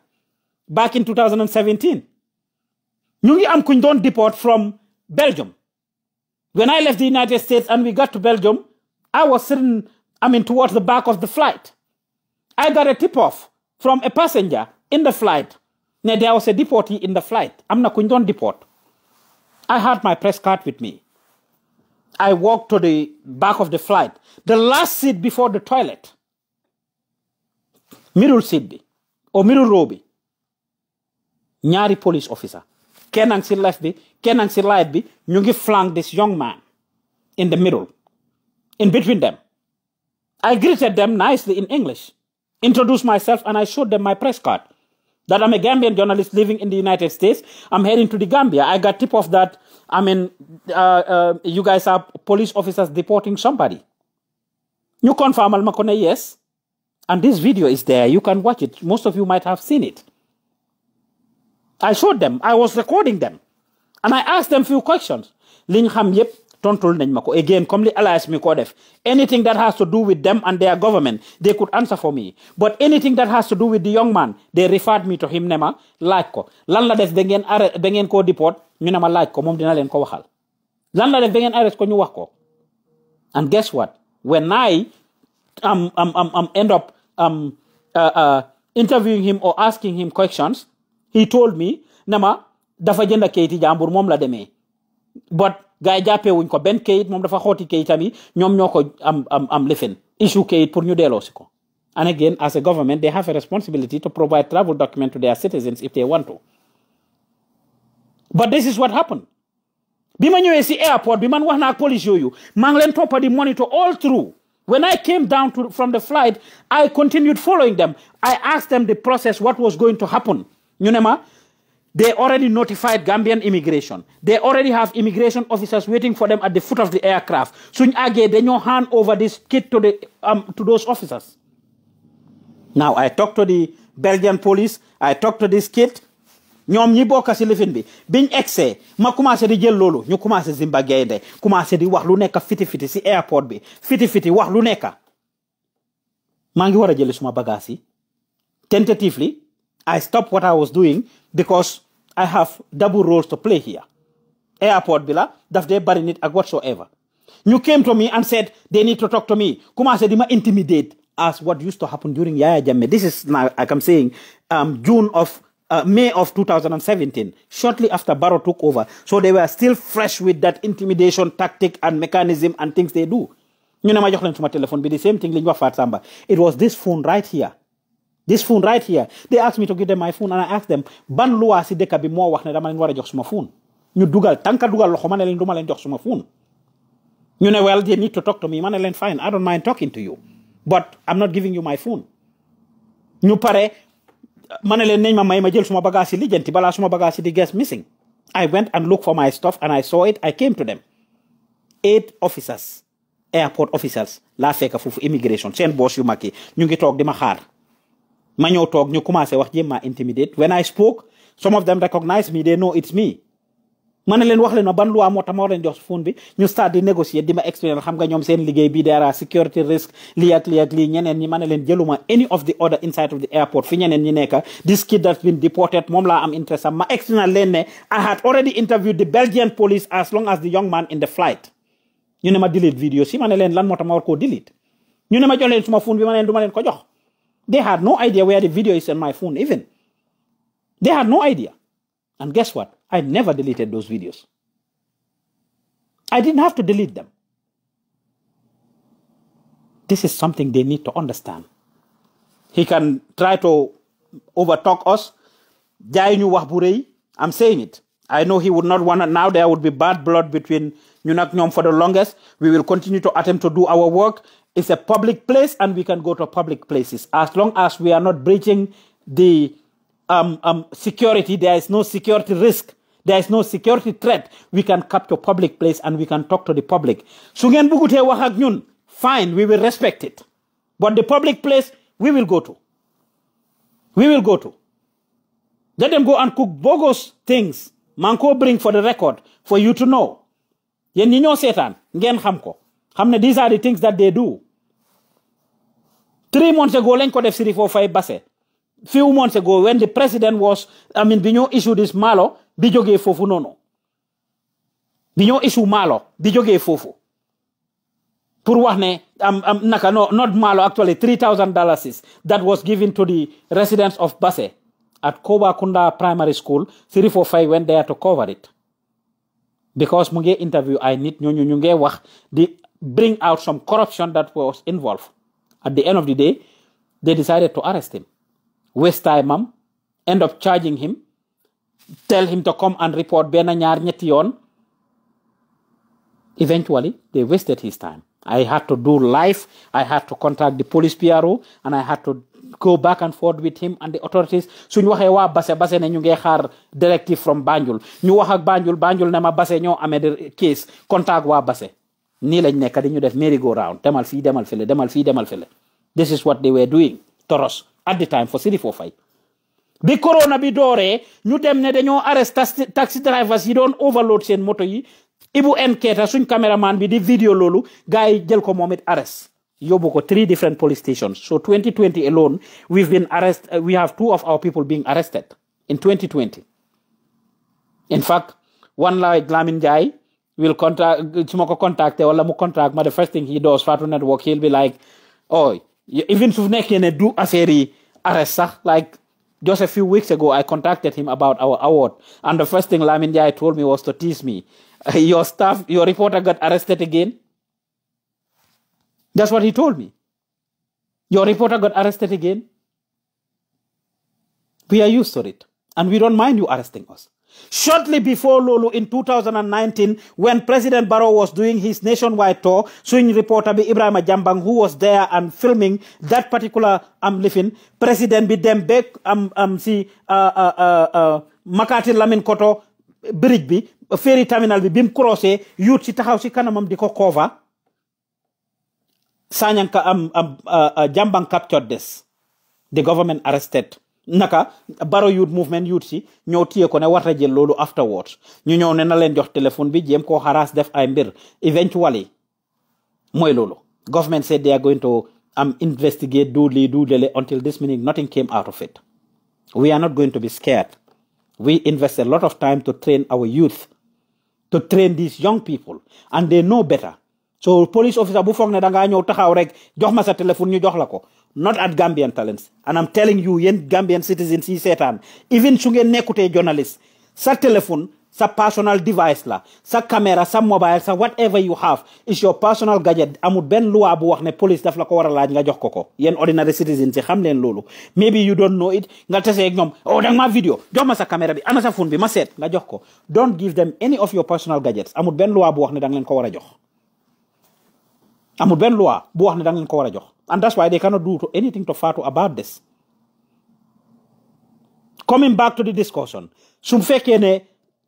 back in 2017. ñu am kuñ don deport from Belgium. When I left the United States and we got to Belgium, I was sitting, I mean, towards the back of the flight. I got a tip off from a passenger in the flight now there was a deportee in the flight i am not going to deport i had my press card with me i walked to the back of the flight the last seat before the toilet middle seat or middle row Nyari police officer kenn si left bi kenn si right bi flank this young man in the middle in between them i greeted them nicely in english introduced myself and I showed them my press card that I'm a Gambian journalist living in the United States. I'm heading to the Gambia. I got tip off that I mean, uh, uh, you guys are police officers deporting somebody. You confirm Almakone, yes. And this video is there. You can watch it. Most of you might have seen it. I showed them. I was recording them. And I asked them few questions. Lingham, yep, tontul nañ ma ko again comme li alliance mi ko def anything that has to do with them and their government they could answer for me but anything that has to do with the young man they referred me to him Nema ma laaj ko lan la def da ngeen da ngeen deport ñu ne ma laaj ko moom dina bengen ko waxal lan la def da ngeen arrest ko ñu wax ko and guess what when I um, um, um, um, end up um, uh, uh, interviewing him or asking him questions he told me nema dafa jënd keyti jàmbur mom la but gars yi wuñ ko benn kayit moom dafa xooti kayitam yi am am am lifin issue kayit pour ñu ko and again as a government they have a responsibility to provide travel document to their citizens if they want to but this is what happened bi ma ñëwee si airport bi man wax naa police yooyu maa ngi leen di monitor all through When I came down to, from the flight, I continued following them. I asked them the process, what was going to happen. You know, They already notified Gambian immigration. They already have immigration officers waiting for them at the foot of the aircraft. Soon again, they now hand over this kit to, the, um, to those officers. Now, I talked to the Belgian police. I talked to this kid. ñoom ñi bokk si lifin bi biñ egsee ma commencé di jël loolu ñu commencé Zimba Gaynde commencé di wax lu nekk fiti fiti si airport bi fiti fiti wax lu nekk maa ngi war a jëli suma bagage yi tentatively I stopped what I was doing I have double roles to play here. Airport bila daf they bari it whatsoever. You came to me and said they need to talk to me. Kumase dima intimidate as what used to happen during Yaya jamme. This is now, like I'm saying, um, June of uh, May of 2017, shortly after Barrow took over. So they were still fresh with that intimidation tactic and mechanism and things they do. You know, my telephone be the same thing. It was this phone right here this phone right here they asked me to give them my phone and I asked them ban loi si dëkk bi moo wax ne dama leen war jox suma phone ñu dugal tànka dugal loxo ma ne leen du jox suma phone ñu ne well they need to talk to me ma ne fine I don't mind talking to you but I'm not giving you my phone ñu pare ma ne leen ma may ma jël suma bagage yi lijjanti balaa suma bagage yi di guess missing I went and looked for my stuff and I saw it I came to them eight officers airport officers laa fekk foofu immigration seen boss yu mag yi ñu ngi toog di xaar ma ñëw toog ñu commencé wax jéem maa intimidate when I spoke some of them recognized me they know it's me ma ne leen wax leen ma ban loi moo tax ma war leen jox phone bi ñu start di négocier di ma expliquer xam nga ñoom seen liggéey bi dara security risk lii ak lii ak lii ñeneen ñi ma ne jëluma any of the order inside of the airport fi ñeneen ñi nekk this kid has been deported moom laa am interest ma expliquer leen ne I had already interviewed the Belgian police as long as the young man in the flight ñu ne ma delete video si ma ne leen lan moo tax ma delete ñu ne ma jox leen suma phone bi ma ne leen du ma leen ko jox they had no idea where the video is on my phone, even. They had no idea. And guess what? I never deleted those videos. I didn't have to delete them. This is something they need to understand. He can try to overtalk us. I'm saying it. I know he would not want to. Now there would be bad blood between Nyunak Nyom for the longest. We will continue to attempt to do our work. It's a public place and we can go to public places as long as we are not breaching the um, um, security. There is no security risk. There is no security threat. We can capture public place and we can talk to the public. fine we will respect it but the public place we will go to. We will go to. Let them go and cook bogus things. Manko bring for the record for you to know. Yen ñi ñoo these are the things that they do. Three months ago, Lenko Def City for five basse. Few months ago, when the president was, I mean, Bino issued this Malo, Bijoge Fofu no. Bino issue Malo, Bijoge Fofu. For Wahne, um, um, naka, no, not Malo, actually, $3,000 that was given to the residents of Basse at Koba Kunda Primary School. City for five went there to cover it. Because Munge interview, I need Nyunyunge Wah, they bring out some corruption that was involved. At the end of the day, they decided to arrest him, waste time am, end up charging him, tell him to come and report Eventually, they wasted his time. I had to do life. I had to contact the police PRO and I had to go back and forth with him and the authorities So, waxee waa base Basse ne ñu ngi xaar directive from Banjul ñu wax Banjul Banjul ne ma Basse ñoo amee case contact waa Basse nii lañ nekk di ñu def merry go round demal fii demal fële demal fii demal fële this is what they were doing toros at the time for Sirif Faye bi corona bi dooree ñu dem ne dañoo arrest taxi drivers yi doon overload seen moto yi Ibu Nketa suñ caméraman bi di vidéo loolu gars yi jël ko moom arrest yóbbu ko three different police stations so 2020 alone we've been arrest uh, we have two of our people being arrested in 2020 in fact one like glamin Jai will contact su ma ko contacter wala mu contact ma the first thing he does Fatu Network he'll be like oh even su nekkee ne du affaire yi arrest like just a few weeks ago I contacted him about our award and the first thing Lamin Jai told me was to tease me your staff your reporter got arrested again that's what he told me your reporter got arrested again we are used to it and we don't mind you arresting us Shortly before Lulu in 2019, when President Barrow was doing his nationwide tour, swing reporter Ibrahim Jambang, who was there and filming that particular I'm um, living, President Bi Dembek, um, um, see, uh, uh, uh, uh, Makati Lamin Koto, bridge bi, ferry terminal bi, bim crossé, youth si taxaw si kanamam di ko cover, Sanyanka, um, um, uh, uh, Jambang captured this. The government arrested naka baro youth movement youth si ñoo téye ko ne war jël loolu afterwards ñu ñëw ne na leen jox téléphone bi jéem harass def ay mbir eventually mooy loolu government said they are going to um, investigate do lii do lele until this morning nothing came out of it we are not going to be scared we invest a lot of time to train our youth to train these young people and they know better so police officer bu foog ne da ngaa ñëw taxaw rek jox ma sa téléphone ñu jox la ko not at Gambian Talents and I'm telling you yéen Gambian citizens yi seetaan even su ngeen nekkutee journalist sa téléphone sa personal device la sa caméra sa mobile sa whatever you have is your personal gadget amul benn loi bu wax ne police daf la ko war a laaj nga jox ko ko yéen ordinary citizens yi xam leen loolu maybe you don't know it nga teseeg ñoom oh danga ma vidéo jox ma sa caméra bi ana sa phone bi ma seet nga jox ko don't give them any of your personal gadgets benn loi bu wax ne danga ko war a jox benn loi bu wax ne danga leen ko war a jox And that's why they cannot do anything to Fatu about this. Coming back to the discussion, Sumfekene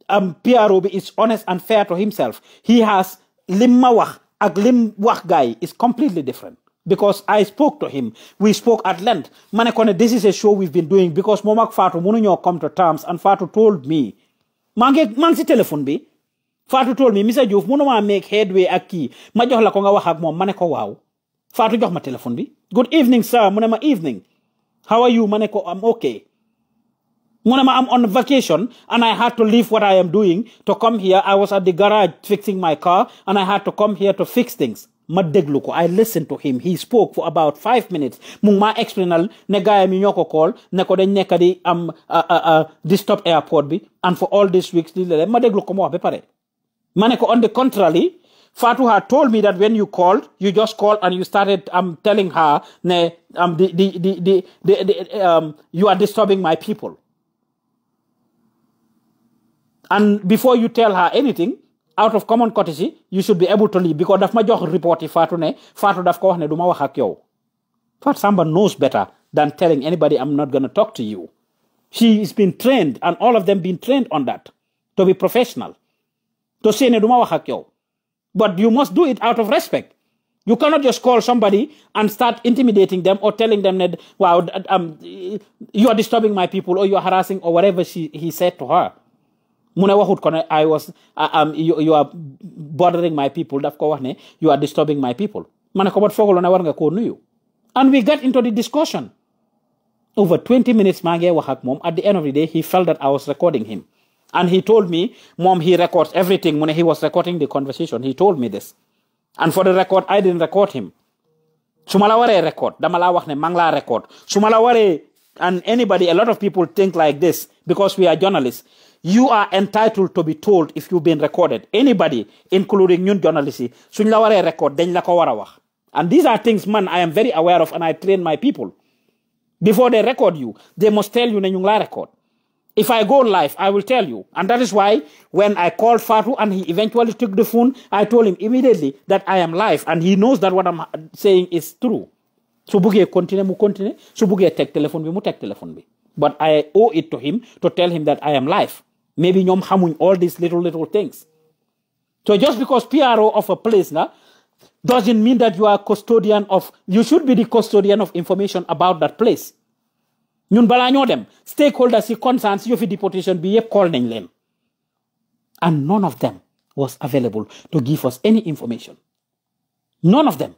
um, Ruby is honest and fair to himself. He has Limmawah Aglim guy is completely different because I spoke to him. We spoke at length. Manekone, this is a show we've been doing because Momak Fatu Mununyo come to terms and Fatu told me, Mangi Mansi telephone be. Fatu told me, Mr. Juf, Munuma make headway aki. Majola Konga Wahag Mom, Maneko Wow. Fatou ma téléphone bi good evening sir mu ma evening how are you ma i am okay mu ma, i am on vacation and I had to leave what I am doing to come here I was at the garage fixing my car and I had to come here to fix things ma déglu ko I listened to him he spoke for about five minutes mu ma maa explainal ne gaayam yi ñoo call ne ko dañ nekk uh am di stop airport bi and for all these weeks di leen ma déglu ko ma pare ko on the contrary Fatu had told me that when you called, you just called and you started um, telling her, ne, um, the, the, the, the, the, the, um, you are disturbing my people. And before you tell her anything, out of common courtesy, you should be able to leave because daf my job report yi Fatu ne Fatu daf ko ne du Samba knows better than telling anybody I'm not going to talk to you. She is been trained and all of them been trained on that to be professional. To say ne du ma wax but you must do it out of respect. You cannot just call somebody and start intimidating them or telling them that, wow, um, you are disturbing my people or you are harassing or whatever she, he said to her. mu I was uh, um, you are bothering my people you are disturbing my people and we got into the discussion over 20 minutes maa ngee at the end of the day he felt that I was recording him and he told me, Mom, he records everything. When he was recording the conversation, he told me this. And for the record, I didn't record him. Sumalaware record. Damala wakne mangla record. Sumalaware and anybody, a lot of people think like this because we are journalists. You are entitled to be told if you've been recorded. Anybody, including new journalists, suñ record dañ la And these are things, man, I am very aware of and I train my people. Before they record you, they must tell you na ñu la record. If I go live, I will tell you. And that is why when I called Fatu and he eventually took the phone, I told him immediately that I am live. And he knows that what I'm saying is true. So buge continue, mu continue. So buge take telephone bi, mu take telephone bi. But I owe it to him to tell him that I am live. Maybe nyom hamun all these little, little things. So just because PRO of a place now doesn't mean that you are custodian of, you should be the custodian of information about that place ñun balaa ñoo dem stakeholders yi concerns yo deportation bi yëpp call nañ leen and none of them was available to give us any information none of them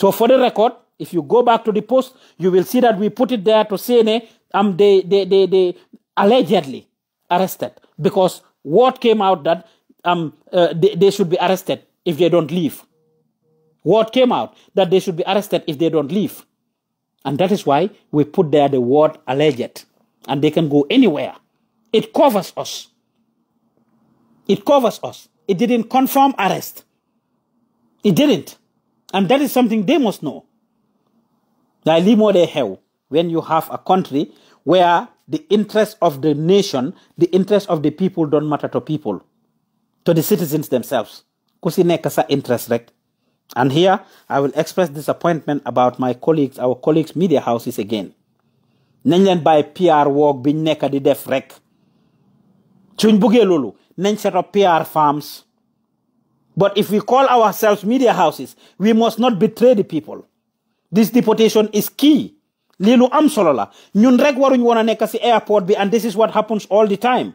so for the record if you go back to the post you will see that we put it there to say ne am um, they they they they allegedly arrested because word came out that um, uh, they, they should be arrested if they don't leave. Word came out that they should be arrested if they don't leave. And that is why we put there the word alleged. And they can go anywhere. It covers us. It covers us. It didn't confirm arrest. It didn't. And that is something they must know. Now, more de hell, when you have a country where the interests of the nation, the interests of the people don't matter to people, to the citizens themselves. Kusi nekasa interest rek. And here I will express disappointment about my colleagues, our colleagues, media houses again. nañ by PR work biñ neka di def rek Chun bugelulu nen set up PR farms. but if we call ourselves media houses we must not betray the people this deportation is key lii am solola la ñun rek waruñ woon si airport bi and this is what happens all the time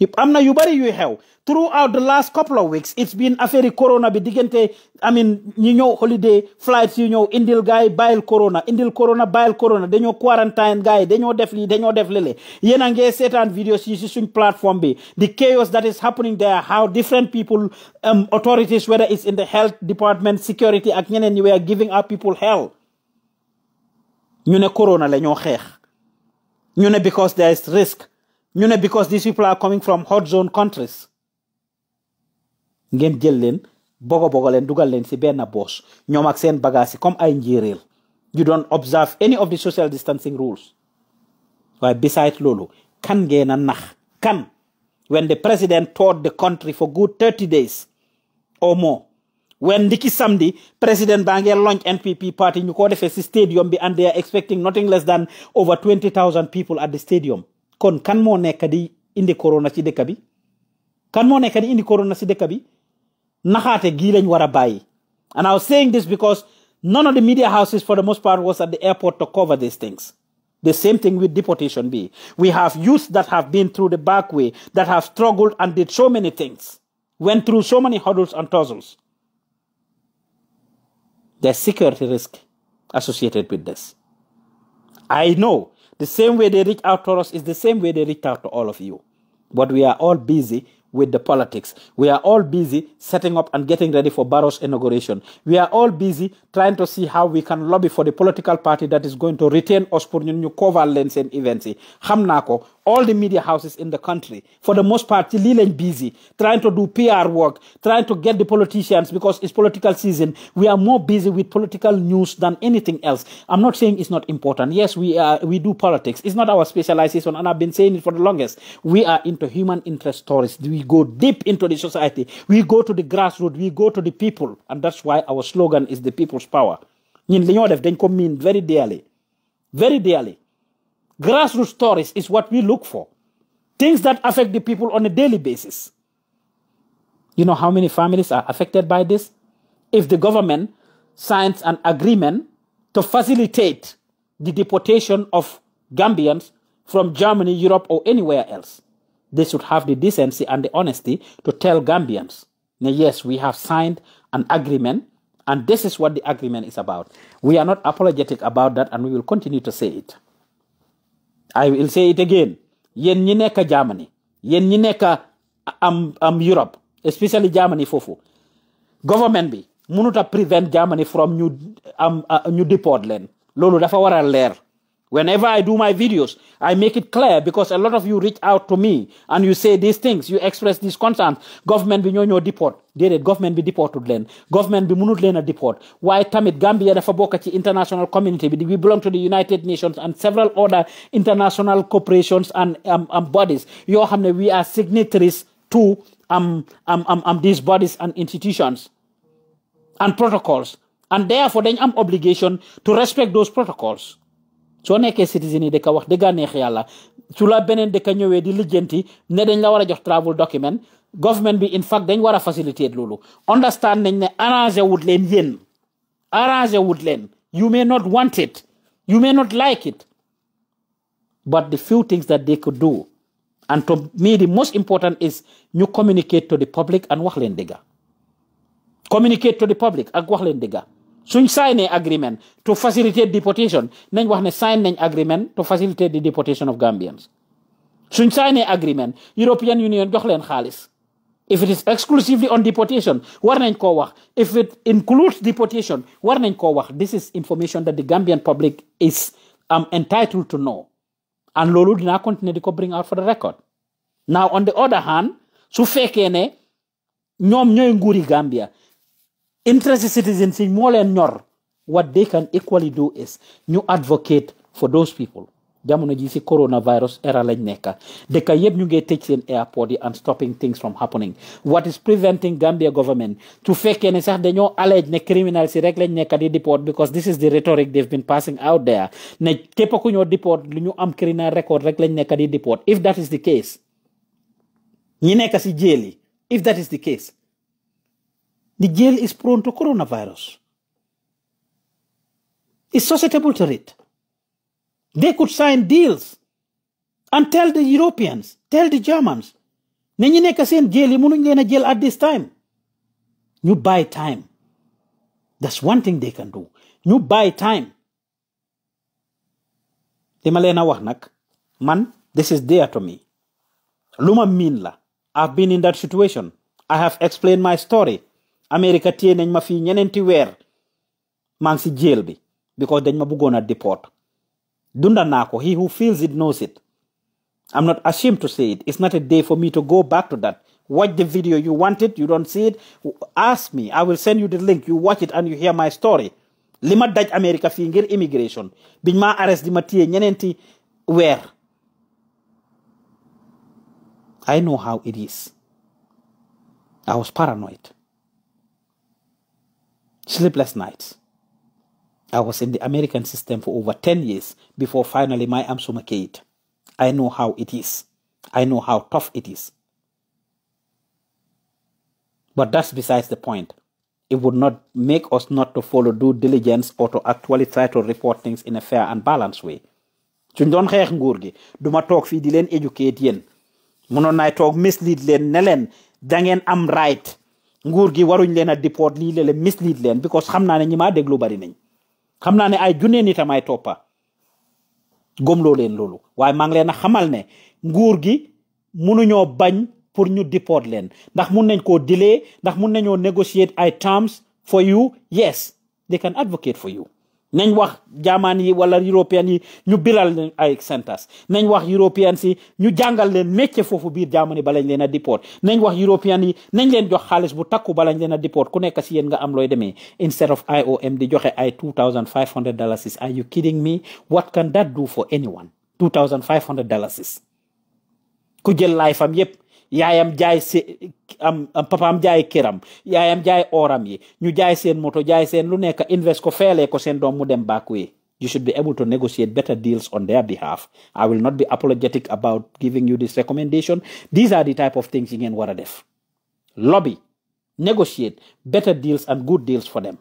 i am not yu bëri you xew throughout the last couple of weeks it's been very corona bi diggante I mean ñi ñëw holiday flights yu ñëw indil gars yi corona indil corona bàyyil corona dañoo quarantine gars yi dañoo def lii dañoo def lële yéen a ngi seetaan videos you si suñ platform bi the chaos that is happening there how different people um, authorities whether it's in the health department security ak ñeneen ñi we are giving our people hell ñu ne corona la ñoo xeex ñu ne because there is risk ñu ne because these people are coming from hot zone countries ngeen jël leen bogo bogo leen dugal leen si benn bos. ñoom ak seen bagage yi comme ay njéeréel you don't observe any of the social distancing rules waaye besides loolu kan ngeen a nax kan when the president toured the country for good thirty days or more when ndiki samedi president baa ngee launch NPP party ñu ko defee si stadium bi and they are expecting nothing less than over twenty thousand people at the stadium kon kan mo nekk di indi corona ci dëkk bi kan mo nekk di indi corona ci dëkk bi naxaate gile lañ wara bàyyi and I was saying this because none of the media houses for the most part was at the airport to cover these things the same thing with deportation B. We have youths that have been through the back way, that have struggled and did so many things, went through so many hurdles and tussles. There's security risk associated with this. I know the same way they reach out to us is the same way they reach out to all of you. But we are all busy with the politics. We are all busy setting up and getting ready for Barrow's inauguration. We are all busy trying to see how we can lobby for the political party that is going to retain us pour new covalence and events all the media houses in the country, for the most part, lii and busy trying to do PR work, trying to get the politicians because it's political season. We are more busy with political news than anything else. I'm not saying it's not important. Yes, we are, we do politics. It's not our specialization, and I've been saying it for the longest. We are into human interest stories. We go deep into the society. We go to the grassroots. We go to the people, and that's why our slogan is the people's power. In li ñoo def mean very dearly, very dearly. Grassroots stories is what we look for. Things that affect the people on a daily basis. You know how many families are affected by this? If the government signs an agreement to facilitate the deportation of Gambians from Germany, Europe, or anywhere else, they should have the decency and the honesty to tell Gambians, yes, we have signed an agreement, and this is what the agreement is about. We are not apologetic about that, and we will continue to say it. I will say it again yéen ñi nekk Germany yéen ñi nekk am am Europe especially Germany foofu government bi mënut a prevent Germany from ñu am ñu deport leen loolu dafa war a leer. Whenever I do my videos, I make it clear because a lot of you reach out to me and you say these things, you express these concerns. Government be ñoo ñoo deport it? government be deported then? government be mënut leen a deport Why? tamit Gambia dafa bokk ci international community we belong to the United Nations and several other international corporations and um, um, bodies yoo xam we are signatories to um, these bodies and institutions and protocols and therefore i am obligation to respect those protocols. So nekkee citizen yi dëkka wax dëggaa neex yàlla su la beneen dëkka ñëwee di lijjanti ne dañ la war jox travel document government bi in fact dañ war a faciliter loolu understand nañ ne arrangé wut leen yéen arrangé wut leen you may not want it you may not like it but the few things that they could do and to me the most important is ñu communicate to the public and wax leen communicate to the public ak wax leen suñ signé agreement to facilitate deportation nañ wax ne sign nañ agreement to facilitate the deportation of Gambians suñ signé agreement European Union jox leen xaalis if it is exclusively on deportation war nañ koo wax if it includes deportation war nañ koo wax this is information that the Gambian public is am entitled to know and loolu dinaa continuer bring out for the record now on the other hand su fekkee ne no, ñooy nguuri Gambia interest citizens in moo leen ñor what they can equally do is ñu advocate for those people jamono ji si coronavirus era lañ neka. dëkka yëpp ñu ngee tëj seen airport yi and stopping things from happening what is preventing Gambia government to fake fekkee ne sax dañoo allege ne criminal si rek lañ nekka di deport because this is the rhetoric they've been passing out there ne képp kunyo deport lu am criminal record rek lañ nekka di deport if that is the case ñi nekka si jéeli if that is the case the jail is prone to coronavirus. It's susceptible to it. They could sign deals and tell the Europeans, tell the Germans, ne ñu nekk jail yi mënuñ leen a jail at this time. You buy time. That's one thing they can do. You buy time. li ma man this is dear to me. Luma minla. I've been in that situation. I have explained my story. Amérique téye nañ ma fii ñeneenti weer maa ngi si jail bi because dañ ma bëggoon a deport dunda naa ko he who feels it knows it I'm not ashamed to say it it's not a day for me to go back to that watch the video you want it you don't see it ask me I will send you the link you watch it and you hear my story li ma daj Amérique fii ngir immigration biñ maa arrest di ma tiye ñeneenti weer I know how it is I was paranoid sleepless nights. I was in the American system for over 10 years before finally my arms were made. I know how it is. I know how tough it is. But that's besides the point. It would not make us not to follow due diligence or to actually try to report things in a fair and balanced way. suñ doon xeex nguur gi du ma toog di leen educate yéen mënoon naay mislead ne da ngeen am right nguur gi waruñ leen a deport lii lele mislead leen because xam naa ne ñi maa déglu bari nañ xam naa ne ay junne nit ay toppa gomloo leen loolu waaye maa ngi leen a xamal ne nguur gi munuñoo bañ pour ñu deport leen ndax mun nañ koo delay ndax mun nañoo negotiate ay terms for you yes they can advocate for you nañ wax jaamaan yi wala européen yi ñu biral leen ay centres nañ wax européen si ñu jàngal leen métier foofu biir Germany ba lañ leen a diport nañ wax européen yi nañ leen jox xaalis bu takku ba lañ leen a diport ku nekk si yéen nga am looy demee instead of IOM di joxe ay two thousand five hundred dollars is. are you kidding me what can that do for anyone two thousand five hundred dollars ku jël life am yépp yaayam jaay se am papaam jaay këram yaayam jaay oram yi ñu jaay seen moto jaay seen lu nekk invest ko feelee ko seen doom mu dem back you should be able to negotiate better deals on their behalf i will not be apologetic about giving you this recommendation these are the type of things again. What are they? def lobby negotiate better deals and good deals for them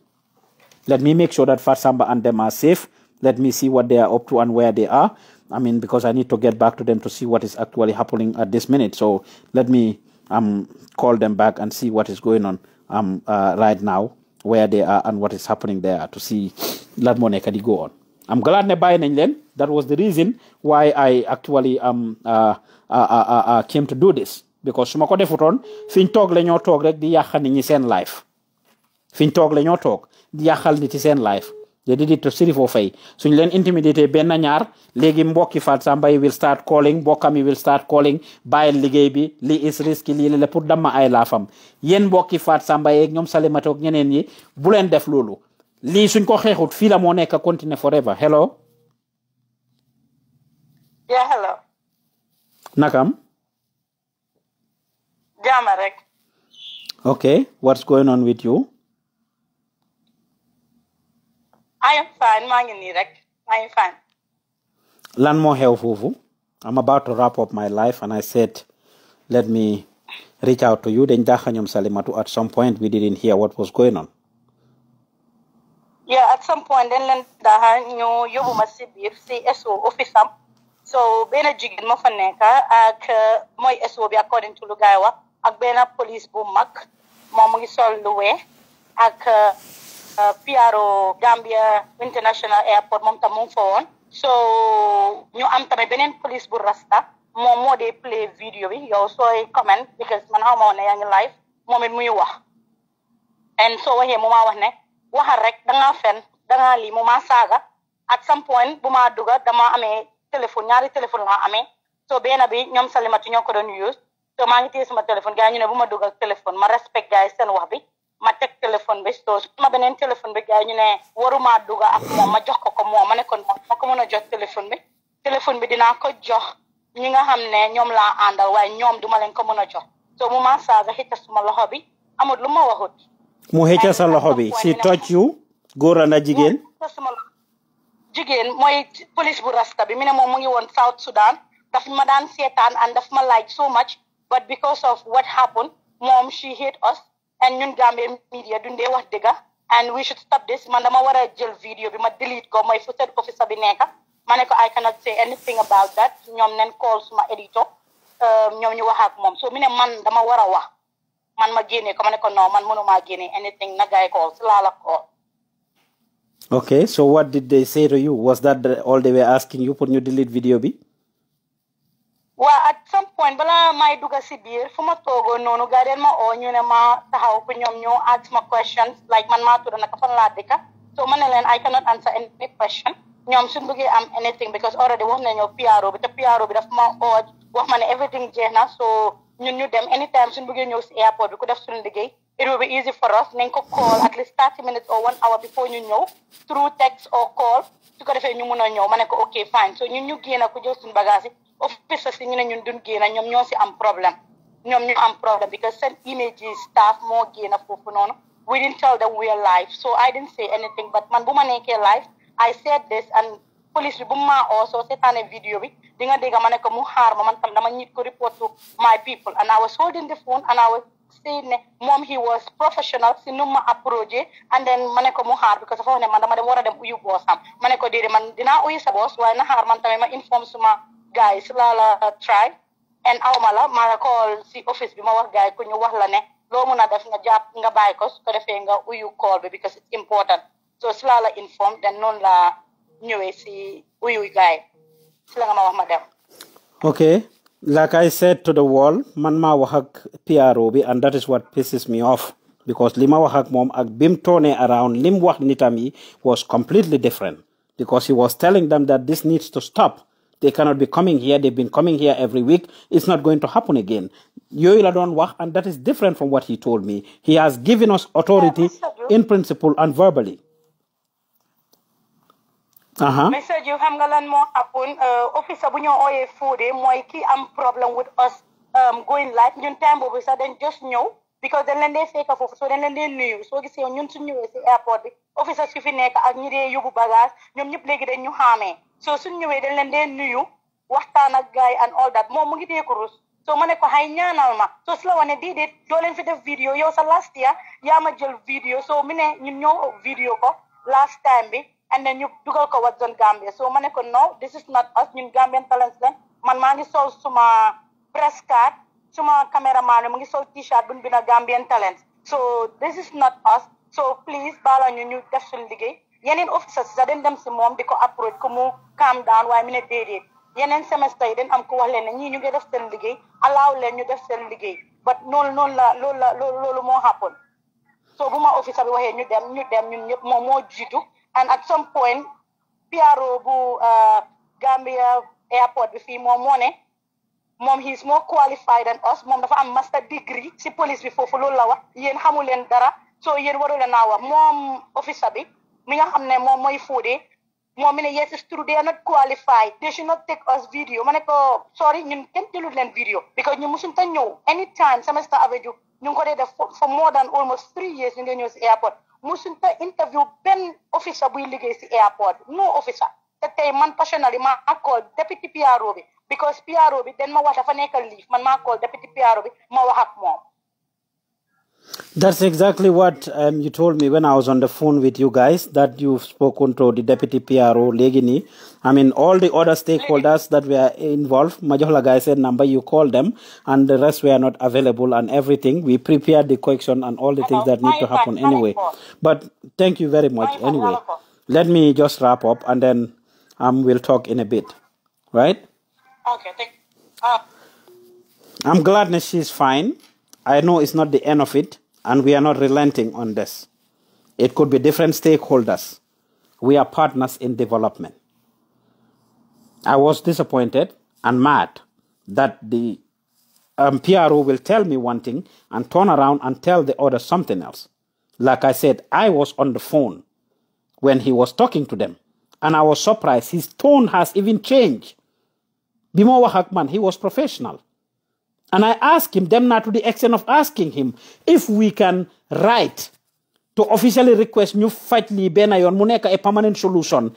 let me make sure that Farsamba and them are safe let me see what they are up to and where they are I mean, because I need to get back to them to see what is actually happening at this minute. So let me um, call them back and see what is going on um, uh, right now, where they are and what is happening there to see that money can go on. I'm glad ne buy England. That was the reason why I actually um uh, uh, uh, uh, uh came to do this because suma ko defuton fiñ tok lañu tok rek di yaxal ni ñi life fiñ tok lañu tok di ni nit life they to Sirifo Faye suñ leen intimidate benn ñaar léegi mbokki Fat Samba yi will start calling mbokkam yi will start calling bàyyil liggéey bi li is risque lii la pour damma ay laafam yéen mbokki Fat Samba yeeg ñoom Salimata ak ñeneen ñi bu leen def loolu lii suñ ko xeexut fii la moo nekk continue forever hello yeah nakam ok what's going on with you I am maa ngi nii rek maa ngi fine. lan moo xew foofu. I'm about to wrap up my life and I said let me reach out to you dañ daaxa ñoom Salimatu at some point we didn't hear what was going on. yeah at some point dañ leen daaxa ñu yóbbu ma si SO office so benn jigéen moo fa ak uh, mooy SO bi according to lu gaay ak benn police bu mag moom mu ngi sol lu ak. Uh, Uh, PRO Gambia International Airport mom tam mo so ñu am tamit benen police bu rasta mom mo dé play vidéo bi yow soy comment because man xaw ma ne ngi live momit muy wax and so waxee mo ma wax ne waxal rek da nga fen da nga li mo ma saga at some point bu ma duga dama amé téléphone ñaari téléphone laa amé so bena bi ñom salimatu ñoko ko use so ma ngi téye sama téléphone gaay ñu ne bu ma duga téléphone ma respect gaay sen wax bi ma tek telephone bi sto ma benen telephone bi gay ñu ne waruma duga ak mom ma jox ko ko mom ma ne ko ma ko mëna jox telephone téléphone bi téléphone bi dinaa ko jox ñi nga xamné ne la andal way ñom duma leen ko mëna jox so mu ma ga xëcca suma loxo bi amul lu ma waxut mu hecha sa loxo bi si toj yu gora na jigen jigen moy police bu rasta bi mine mom mu ngi won South Sudan daf ma daan seetaan and daf ma like so much but because of what happened mom she hate us and ñun Gambia media duñ dee wax dëgga and we should stop this man dama war a jël vidéo bi ma delete ko mooy fu seen officer bi nekk ko I cannot say anything about that ñoom nen call suma édito um, ñoom ñu wax ak moom so mu ne man dama war a wax man ma génne ko ma ko non man mënumaa génne anything na gaay call si la okay so what did they say to you was that all they were asking you for? You delete vidéo be waa at some point balaa may dugga si biir fu ma toogoon noonu gaa oh, deen ma oo ñu ne ma taxaw ku ñoom ñoo ask ma questions like man maa tudd naka fan laa dëkka so man ne I cannot answer any question ñoom suñ bëggee am anything because already wax nañoo PRO bi te PRO bi daf ma oo oh, wax ma ne everything jeex na so ñun ñu dem anytime suñ bëggee ñëw si airport bi ku def suñu liggéey it will be easy for us nañ call at least thirty minutes or one hour before you know, through text or call su ko defee ñu mun a ñëw ma ne ko ok fine so you ñu génn ku bagasi. suñu bagage yi office si ñu ne you duñ génn ñoom ñoo si am problème ñoom ñu am problème because seen images, staff, more moo génn foofu noonu we didn't tell them we are live so I didn't say anything but man Buma neke live I said this and police Buma also set also a video bi di nga dégg ma mu xaar man tam dama ñit ko report to my people and I was holding the phone and I was si ne mom he was professional si nu ma approché and then mané ko mu xaar because foofu ne man dama dem wara dem uyu bossam mané ko déedéet man dina uyu sa boss way na xaar man tamé ma inform suma guys la la try and awma la ma call si office bi ma wax gaay ko ñu wax la né lo mun def nga japp nga bay ko su ko defee nga uyu call bi because it's important so si la inform then non la ñëwé si uyu guy si la nga ma wax ma dem okay like I said to the wall man maa wax PRO bi and that is what pisses me off because lima wahak mom ak bim around lim wax was completely different because he was telling them that this needs to stop they cannot be coming here they've been coming here every week it's not going to happen again yooyu la wah, and that is different from what he told me he has given us authority in principle and verbally Uh-huh. message yu xam nga lan moo happen euh, officer bu ñoo ooyee Fodé mooy ki am problem with us um, going live ñun time boobu sax dañ just ñëw because dañ leen dee fekk foofu soo dañ leen dee nuyu soo gisee ñun suñ ñëwee si airport bi officer su fi nekk ak ñi dee yóbbu bagage ñoom ñëpp léegi dañ ñu xamee soo suñ ñëwee dañ leen dee nuyu waxtaan ak gars yi and all that moom mu ngi dee kurus soo ma ne ko xay ñaanal ma soo su la wane déedéet doo leen fi def vidéo yow sa last year yaa ma jël vidéo soo ne ñun ñëw vidéo ko last time bi and then ñu dugal ko Watson Gambia so ma ne ko no this is not us ñun Gambian talents la man maa ngi sol suma press card suma cameraman mu ngi sol t-shirt buñ bina Gambian talents so this is not us so please baala ñu ñu def suñu liggéey yeneen officers sax dañ dem si moom di ko approach ko mu calm down waaye mu ne déedéet yeneen semestre yi dañ am ko wax leen ne ñii ñu ngi def seen liggéey allow leen ñu def seen liggéey but noonu noonu la loolu la loolu moo happen so bu ma officer bi waxee ñu dem ñu dem ñun ñëpp moom moo jiitu And at some point, PRO bu uh, Gambia airport bi fii more money. Mom, moom he is more qualified than us moom dafa am master degree si police before follow loolu la wax yéen xamu dara so yéen waru leen naa wax moom officer bi mi nga xam ne moom mooy Fodé moom mi yes it's true they are not qualified they should not take us video ma ne ko sorry ñun kenn jëlul leen video because ñu musuñ ta ñëw anytime semester avenue ñu ngi ko dee for more than almost three years ñu ngi ñëw airport mosuñ ta interview benn officer buy liggéey si airport bi no officer te tey man personnellement ma encore député PRO bi because PRO bi den ma wax dafa nekkal liif man ma call député PRO bi ma wax ak moom That's exactly what um, you told me when I was on the phone with you guys that you've spoken to the deputy PRO Legini. I mean, all the other stakeholders that were involved. Majola guy said number you call them, and the rest were not available and everything. We prepared the question and all the things that need to happen anyway. But thank you very much anyway. Let me just wrap up and then um, we'll talk in a bit, right? Okay. Thank. Uh, I'm glad that she's fine. I know it's not the end of it, and we are not relenting on this. It could be different stakeholders. We are partners in development. I was disappointed and mad that the um, PRO will tell me one thing and turn around and tell the other something else. Like I said, I was on the phone when he was talking to them, and I was surprised his tone has even changed. Bimowa Hakman, he was professional. And I asked him, them now to the extent of asking him, if we can write to officially request new fight lii benn a permanent solution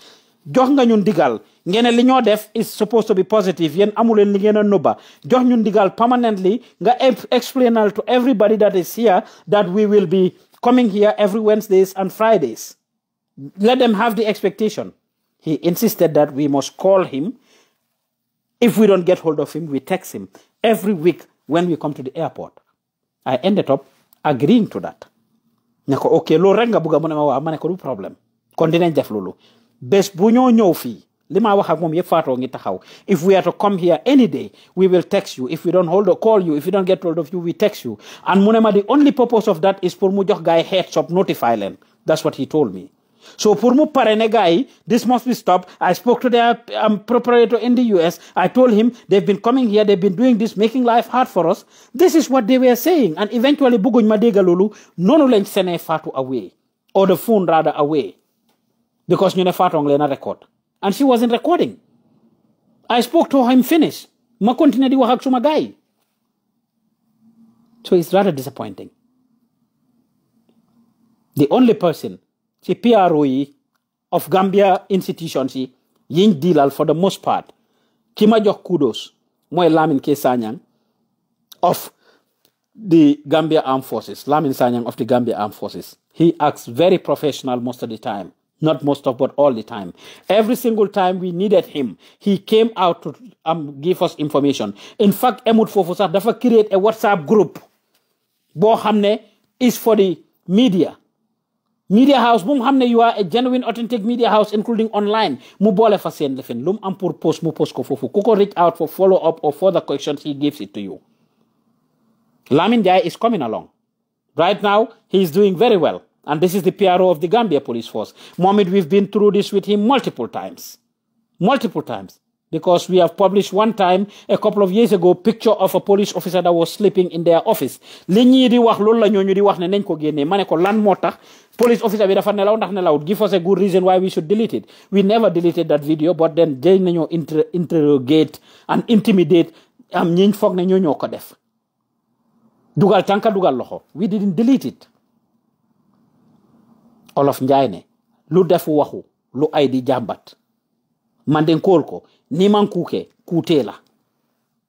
jox nga ñun digal ngeen li ñoo def is supposed to be positive yéen amuleen li ngeen a jox ñun digal permanently nga explainal to everybody that is here that we will be coming here every Wednesdays and Fridays. Let them have the expectation. He insisted that we must call him. If we don't get hold of him, we text him every week when we come to the airport. I ended up agreeing to that. Nako okay, lo renga buga mo ma ma ko problem. Kon dinañ def Bes bunyo nyofi lima wa ak mom ngi If we are to come here any day, we will text you. If we don't hold or call you, if we don't get hold of you, we text you. And munema the only purpose of that is for mu jox gaay heads up notify len. That's what he told me. So for Purmu Parenegai, this must be stopped. I spoke to the um, proprietor in the US. I told him they've been coming here, they've been doing this, making life hard for us. This is what they were saying. And eventually Buguny Madegalulu, len Sene Fatu away. Or the phone rather away. Because Nune Fatong Lena record. And she wasn't recording. I spoke to him Finnish. Makontina di wahak sumagai. So it's rather disappointing. The only person ci PRO yi of Gambia institutions yi yiñ diilal for the most part ki ma jox kudos mooy Lamin K of the Gambia Armed Forces Lamin Sanyang of the Gambia Armed Forces he acts very professional most of the time not most of but all the time every single time we needed him he came out to um, give us information in fact emut foofu sax dafa create a whatsapp group Bohamne is for the media media house bu mu you are a genuine authentic media house including online mu bole fa seen lefin lu am pour post mu post ko foofu ku reach out for follow up or further questions he gives it to you Lamin Jai is coming along right now he is doing very well and this is the PRO of the Gambia Police Force Mohamed we've been through this with him multiple times multiple times because we have published one time a couple of years ago picture of a police officer that was sleeping in their office di wax la di wax ne nañ ko ko lan police officer bi dafa nelaw ndax nelawut give us a good reason why we should delete it we never deleted that video but then dañ nañoo inter interrogate and intimidate am ñiñ foog ne ñoo ñoo ko def dugal tànka dugal loxo we didn't delete it olof njaay ne lu def waxu lu ay di jàmbat man den ko niman kuke kutela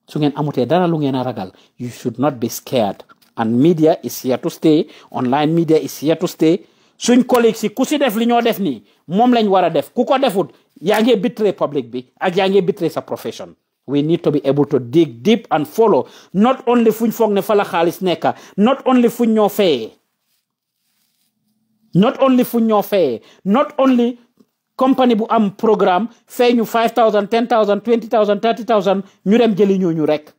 sungen amute dara lungen ragal you should not be scared and media is here to stay online media is here to stay suñ collègue ci kusi si def li ñoo def ni mom lañ wara def ku ko defut ya nge bitre public bi ak ya nge bitre sa profession we need to be able to dig deep and follow not only fuñ foog ne fa la xaalis not only fuñ ñoo fayee not only fuñ ñoo fayee not only company bu am programme fay ñu five thousand ten thousand twenty thousand thirty thousand ñu dem jëli ñooñu rek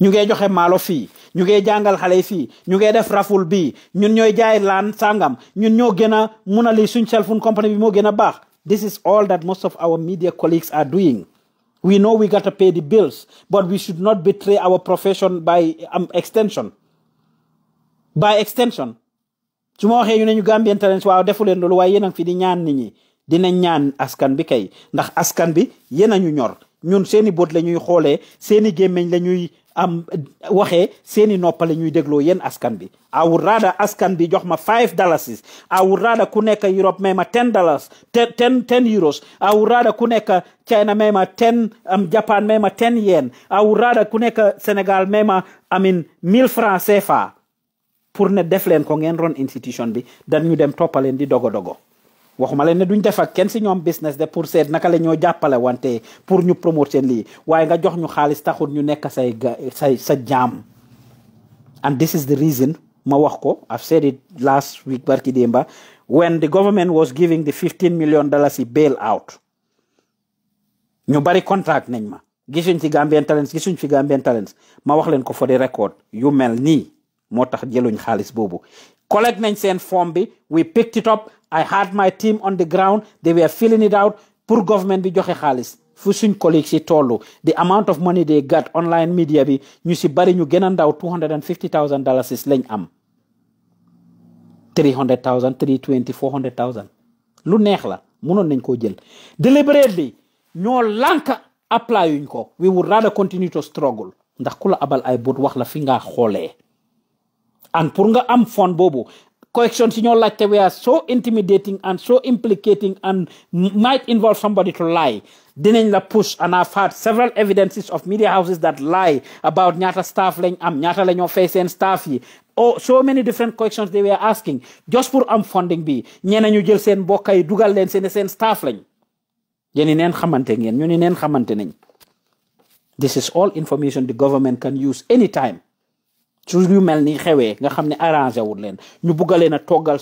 ñu ngee joxe maalo fii ñu ngee jàngal xale fii ñu ngee def raful bii ñun ñooy jaay laan sàngam ñun ñoo gën a mun a lii suñ cell phone company bi mo gën a baax this is all that most of our media colleagues are doing we know we gotta pay the bills but we should not betray our profession by um, extension by extension su ma waxee ñu ne ñu Gambian Talents waaw defu leen loolu waaye yéen a fi di ñaan nit ñi dinañ ñaan askan bi kay ndax askan bi yéen a ñu ñor ñun seeni boot la ñuy xoolee seeni gémmiñ la ñuy am waxee seeni noppale ñuy dégloo yéen askan bi I would rather askan bi jox ma five dollars I would rather ku nekk Europe may ma ten dollars ten ten euros I would rather ku nekk China may ma ten am Japan may ma ten yen I would rather ku nekk Sénégal may ma amin mille francs CFA pour ne def leen ko ngeen ron institution bi dan ñu dem toppaleen di dogo dogo waxuma leen ne duñ def ak kenn si ñoom business de pour seet naka la ñoo jàppale wante pour ñu promote seen lii waaye nga jox ñu xaalis taxul ñu nekk say say sa jaam and this is the reason ma wax ko I've said it last week barki démba when the government was giving the 15 million dollars yi bail out ñu bari contract nañ ma gisuñ fi Gambian Talents gisuñ fi Gambian Talents ma wax leen ko for the record you mel nii moo tax jëluñ xaalis boobu collect nañ seen form bi we picked it up I had my team on the ground they were filling it out pour government bi joxe xaalis fu suñ collègues yi tollu the amount of money they got online media bi ñu si bari ñu gën a ndaw two hundred and fifty thousand dollars lañ am three hundred thousand three twenty four hundred lu neex la mënoon nañ koo jël deliberately ñoo lànka apply yuñ ko we would rather continue to struggle ndax ku abal ay bot wax la fi nga xoolee and purunga nga am fond boobu question si ñoo laajte we are so intimidating and so implicating and might involve somebody to lie dinañ la push and I've had several evidences of media houses that lie about nyata staff lañ am nyata la ñoo fay seen staff yi oh so many different questions they were asking just pour am funding bi ñeneen ñu jël seen mbokk yi dugal leen sen seen staff lañ yéen neen xamante ngeen ñu ni neen xamante nañ this is all information the government can use anytime su yu mel ni xewee nga xam ne arrangé wul leen ñu bugga leen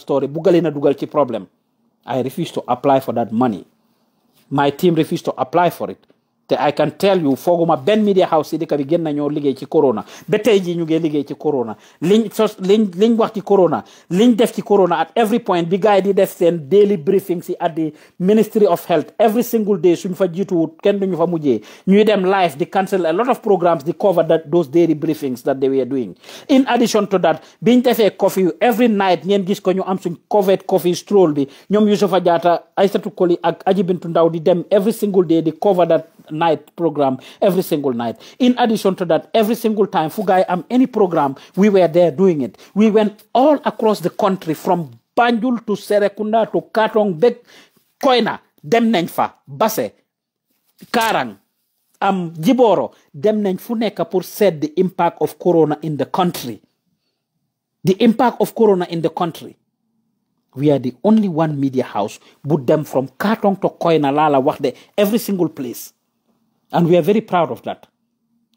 story bugga leen a dugal ci problème I refuse to apply for that money my team refuse to apply for it te I can tell you fooguma benn media house si dëkk bi gën nañoo liggéey ci corona ba tey jii ñu ngi liggéey ci corona liñ sos liñ liñ wax ci corona liñ def ci corona at every point bi gars di def seen daily briefing si at the ministry of health every single day suñ fa jiituwut kenn ñu fa mujjee ñuy dem live di cancel a lot of programs di cover that those daily briefings that they were doing in addition to that biñ defee coffee every night ngeen gis ko ñu am suñ covered coffee stroll bi ñoom Yusufa Jatta Aïssatou Koli ak Aji Bintu Ndaw di dem every single di cover night program every single night. In addition to that, every single time Fugai Am um, any program, we were there doing it. We went all across the country from Banjul to Serekunda to Katong, Bek, Koina, dem Base, Basse Karang am um, Jiboro dem Pur said the impact of corona in the country the impact of corona in the country we are the only one media house But them from Katong to Koina lala la wax every single place and we are very proud of that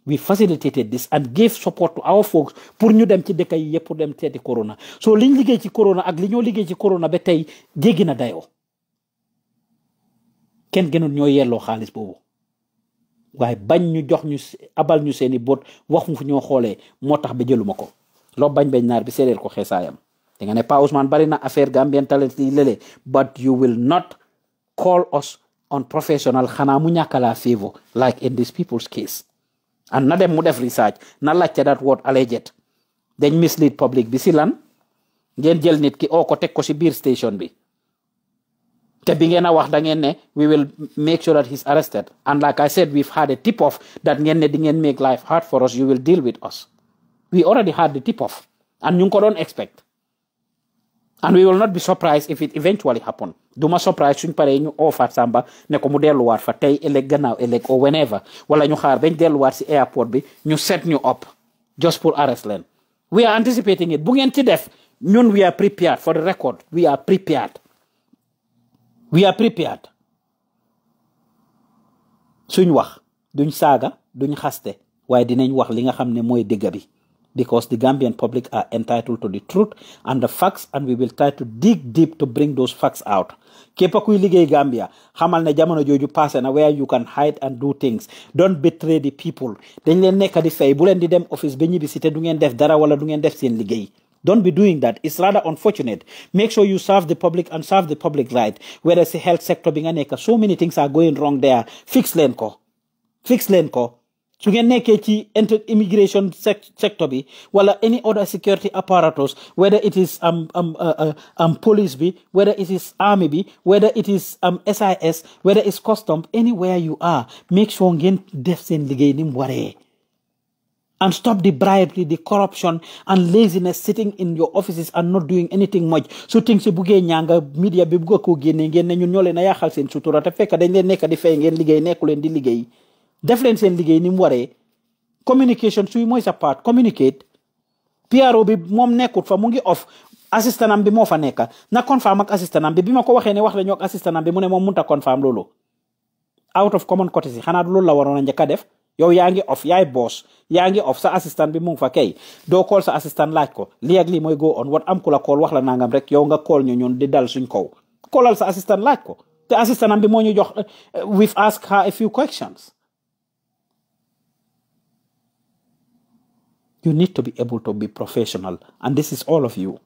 we facilitated this and gave support to our folks pour ñu dem ci dëkk yi yëpp pour dem teeti corona so liñ liggéey ci corona ak li ñoo ci corona ba tey jéggi na dayoo kenn gënul ñoo yelloo xaalis boobu waaye bañ ñu jox ñu abal ñu seeni bot wax mu fu ñoo xoolee moo tax ba jëluma ko bañ bañ naar bi séeréer ko xeesaayam da nga ne Pa Ousmane bari na affaire Gambian Talents lële but you will not call us unprofessional xanaa mu ñàkk laa like in these people's case and na dem mu def research na laajte that word alleged dañ mislead public bi si lan ngeen jël nit ki oo ko teg ko si biir station bi te bi ngeen a wax da ngeen ne we will make sure that he's arrested and like I said we've had a tip off that ngeen ne di ngeen make life hard for us you will deal with us we already had the tip off and ñu ngi ko doon expect and we will not be surprised if it eventually happen duma surprise suñ paree ñu oofaat Samba ne ko mu delluwaat fa tey ëllëg gannaaw ëllëg o whenever wala ñu xaar bañ delluwaat si airport bi ñu set ñu up just pour arrest leen we are anticipating it bu ngeen ci def ñun we are prepared for the record we are prepared we are prepared suñ wax duñ saaga duñ xaste waaye dinañ wax li nga xam ne mooy dëgg bi because the Gambian public are entitled to the truth and the facts and we will try to dig deep to bring those facts out képp kuy Gambia hamal na jamano jooju pass na where you can hide and do things don't betray the people Then leen nekk di fay bu di dem office ba ñibbi si def dara wala du def seen liggéey Don't be doing that. It's rather unfortunate. Make sure you serve the public and serve the public right. Whereas the health sector, being so many things are going wrong there. Fix Lenko. Fix Lenko su ngeen nekkee ci inter immigration sector bi wala any other security apparatus whether it is am um, am um, uh, uh, um, police bi whether it is army bi whether it is am SIS whether it's custom anywhere you are make sure ngeen def seen liggéey ni mu waree and stop the bribery, the corruption, and laziness sitting in your offices and not doing anything much. So things you buge nyanga media bi bugo ko gene ngene ñu ñole na yaxal sen sutura te fekk dañ leen nekk di fay ngeen liggéey leen di liggéey def leen seen liggéey ni mu waree communication suy mooy sa part communicate PRO bi moom nekkut fa mu ngi off assistant am bi moo fa nekk na confirm ak assistant am bi ma ko waxee ne wax la ñu ak assistant am bi mu ne moom mënut a confirm loolu out of common courtesy xanaa loolu la waroon a def yow yaa ngi off yaay boss yaa ngi off sa assistant mu ngi fa kay doo call sa assistant laaj ko lii ak lii mooy go on wat am ku la call wax la nangam rek yow nga kool ñu ñun di dal suñ kaw callal sa assistant laaj ko te assistant am bi moo ñu jox eh, we've asked her a few questions you need to be able to be professional and this is all of you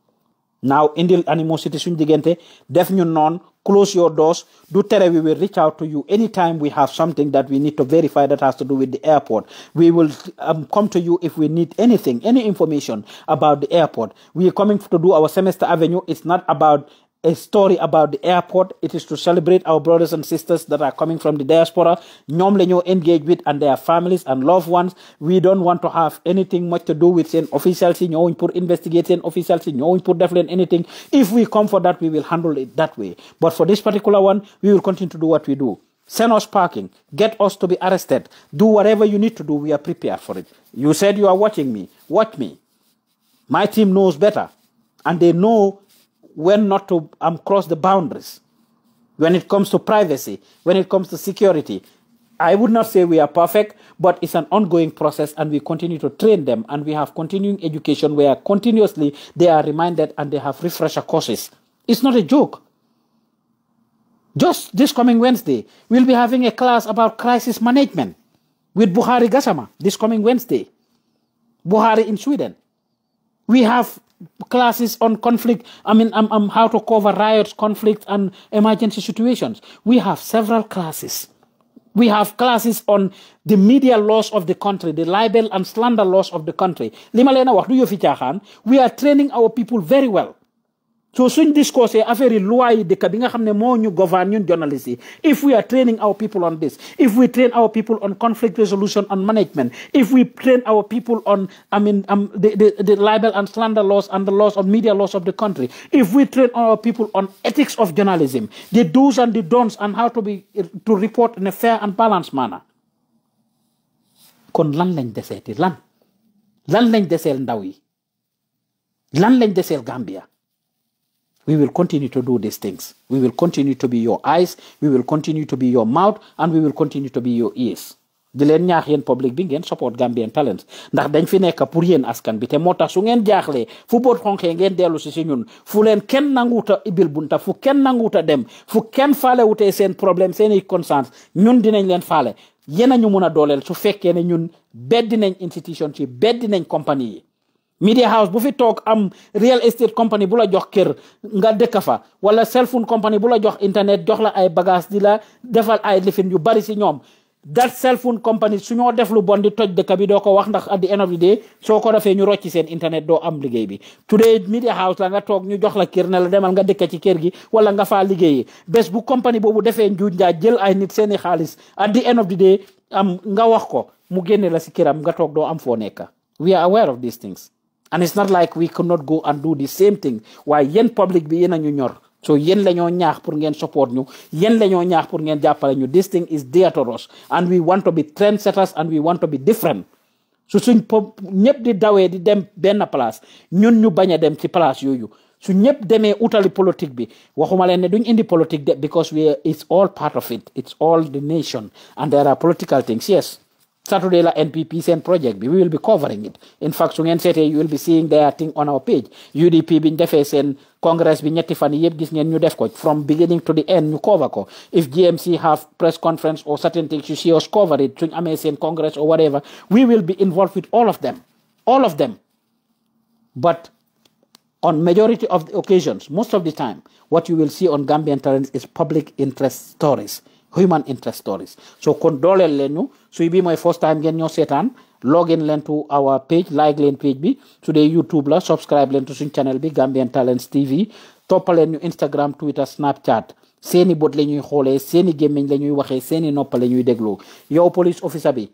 now indil animosity suñ diggante def ñu non, close your doors do tere we will reach out to you anytime we have something that we need to verify that has to do with the airport we will um, come to you if we need anything any information about the airport we are coming to do our semester avenue it's not about a story about the airport. It is to celebrate our brothers and sisters that are coming from the diaspora. Normally, you engage with and their families and loved ones. We don't want to have anything much to do with saying officials, you know, put investigating officials, you know, put definitely anything. If we come for that, we will handle it that way. But for this particular one, we will continue to do what we do. Send us parking. Get us to be arrested. Do whatever you need to do. We are prepared for it. You said you are watching me. Watch me. My team knows better. And they know when not to um, cross the boundaries when it comes to privacy, when it comes to security. I would not say we are perfect, but it's an ongoing process and we continue to train them and we have continuing education where continuously they are reminded and they have refresher courses. It's not a joke. Just this coming Wednesday, we'll be having a class about crisis management with Buhari Gasama. this coming Wednesday. Buhari in Sweden. We have classes on conflict i mean um, um, how to cover riots conflict and emergency situations we have several classes we have classes on the media laws of the country the libel and slander laws of the country we are training our people very well so suñ discourse affaire yi loi yi dëkk bi nga xam ne moo ñu govern ñun yi if we are training our people on this if we train our people on conflict resolution and management if we train our people on I mean um, the, the, the libel and slander laws and the laws of media laws of the country if we train our people on ethics of journalism the do's and the don'ts and how to be to report in a fair and balanced manner kon lan lañ deseeti lan lan lañ deseel ndaw yi lan lañ Gambia we will continue to do these things. We will continue to be your eyes, we will continue to be your mouth, and we will continue to be your ears. di leen ñaax yéen public bi ngeen support Gambian Talents ndax dañ fi nekk pour yéen askan bi te moo tax su ngeen jaaxlee fu boot xonqee ngeen dellu si si ñun fu leen kenn nanguuta ibil bunta fu kenn nanguuta dem fu kenn faale wutee seen problème seen i conscience ñun dinañ leen faale yéen a ñu mun a dooleel su fekkee ne ñun beddi nañ institution ci beddi nañ compagnie yi media house bu fi toog am real estate company bu la jox kër nga dëkk fa wala cell phone company bu la jox internet jox la ay bagage di la defal ay lifin yu bari si ñoom that cell phone company su ñoo def lu bon di toj dëkk bi doo ko wax ndax at the end of the day soo ko defee ñu rocci seen internet doo am liggéey bi today media house la nga toog ñu jox la kër ne la demal nga dëkk ci kër gi wala nga fa liggéeyi bés bu company boobu defee njuuj njaaj jël ay nit seeni xaalis at the end am nga wax ko mu génne la si këram nga toog doo am foo nekk we are aware of and it's not like we cannot go and do the same thing Why yéen public bi yéen a ñu ñor so yéen la ñoo ñaax pour ngeen support ñu yéen la ñoo ñaax pour ngeen jàppale ñu this thing is dear to us and we want to be trendsetters and we want to be different So suñ pop di dawe di dem benn place ñun ñu bañ a dem ci place yooyu su ñëpp demee utali politique bi waxuma leen ne duñ indi politique because we it's all part of it it's all the nation and there are political things yes Saturday la cent project we will be covering it in fact su ngeen you will be seeing their thing on our page UDP biñ defee congress bi ñetti fan yëpp gis ngeen new def from beginning to the end ñu cover ko if GMC have press conference or certain things you see us cover it suñ amee congress or whatever we will be involved with all of them all of them but on majority of the occasions most of the time what you will see on Gambian terrain is public interest stories human interest stories so kon lenu. ñu so it mooy my first time ngeen ñoo seetaan log leen to our page like leen page bi su dee YouTube la subscribe leen to suñ channel bi Gambian Talents TV toppaleen ñu Instagram Twitter Snapchat seeni boot la ñuy xoolee seeni gémmiñ la ñuy waxee seeni noppa la ñuy déglu yow police officer bi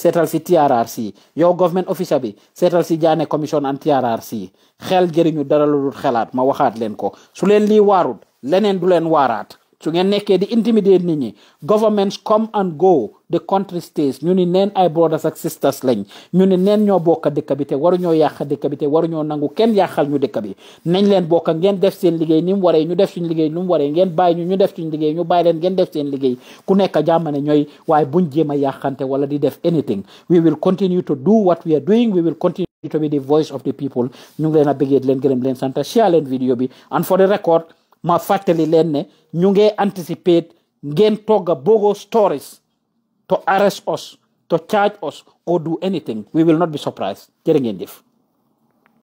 seetal si TRRC yow government officer bi seetal si Jaane commission and TRRC xel jëriñu dara lu dul xelaat ma waxaat leen ko su leen lii waarut leneen du leen waaraat su ngeen nekkee di intimider nit ñi governments come and go the country stays ñu ni neen ay brothers ak sisters lañ ñu ni neen ñoo bokk dëkk bi te waruñoo yàq dëkk bi te waruñoo nangu kenn yàqal ñu dëkk bi nañ leen bokk ngeen def seen liggéey ni mu waree ñu def suñ liggéey ni mu waree ngeen bàyyi ñu ñu def suñ liggéey ñu bàyyi leen ngeen def seen liggéey ku nekk jàmmane ñooy waaye buñ jéem a yàqante wala di def anything we will continue to do what we are doing we will continue to gërëm leen sant share leen vidéo bi the record ma fàttali leen ne ñu ngi anticipate ngeen togga bogo stories to arrest us to charge us or do anything we will not be surprised jërë ngeen jëf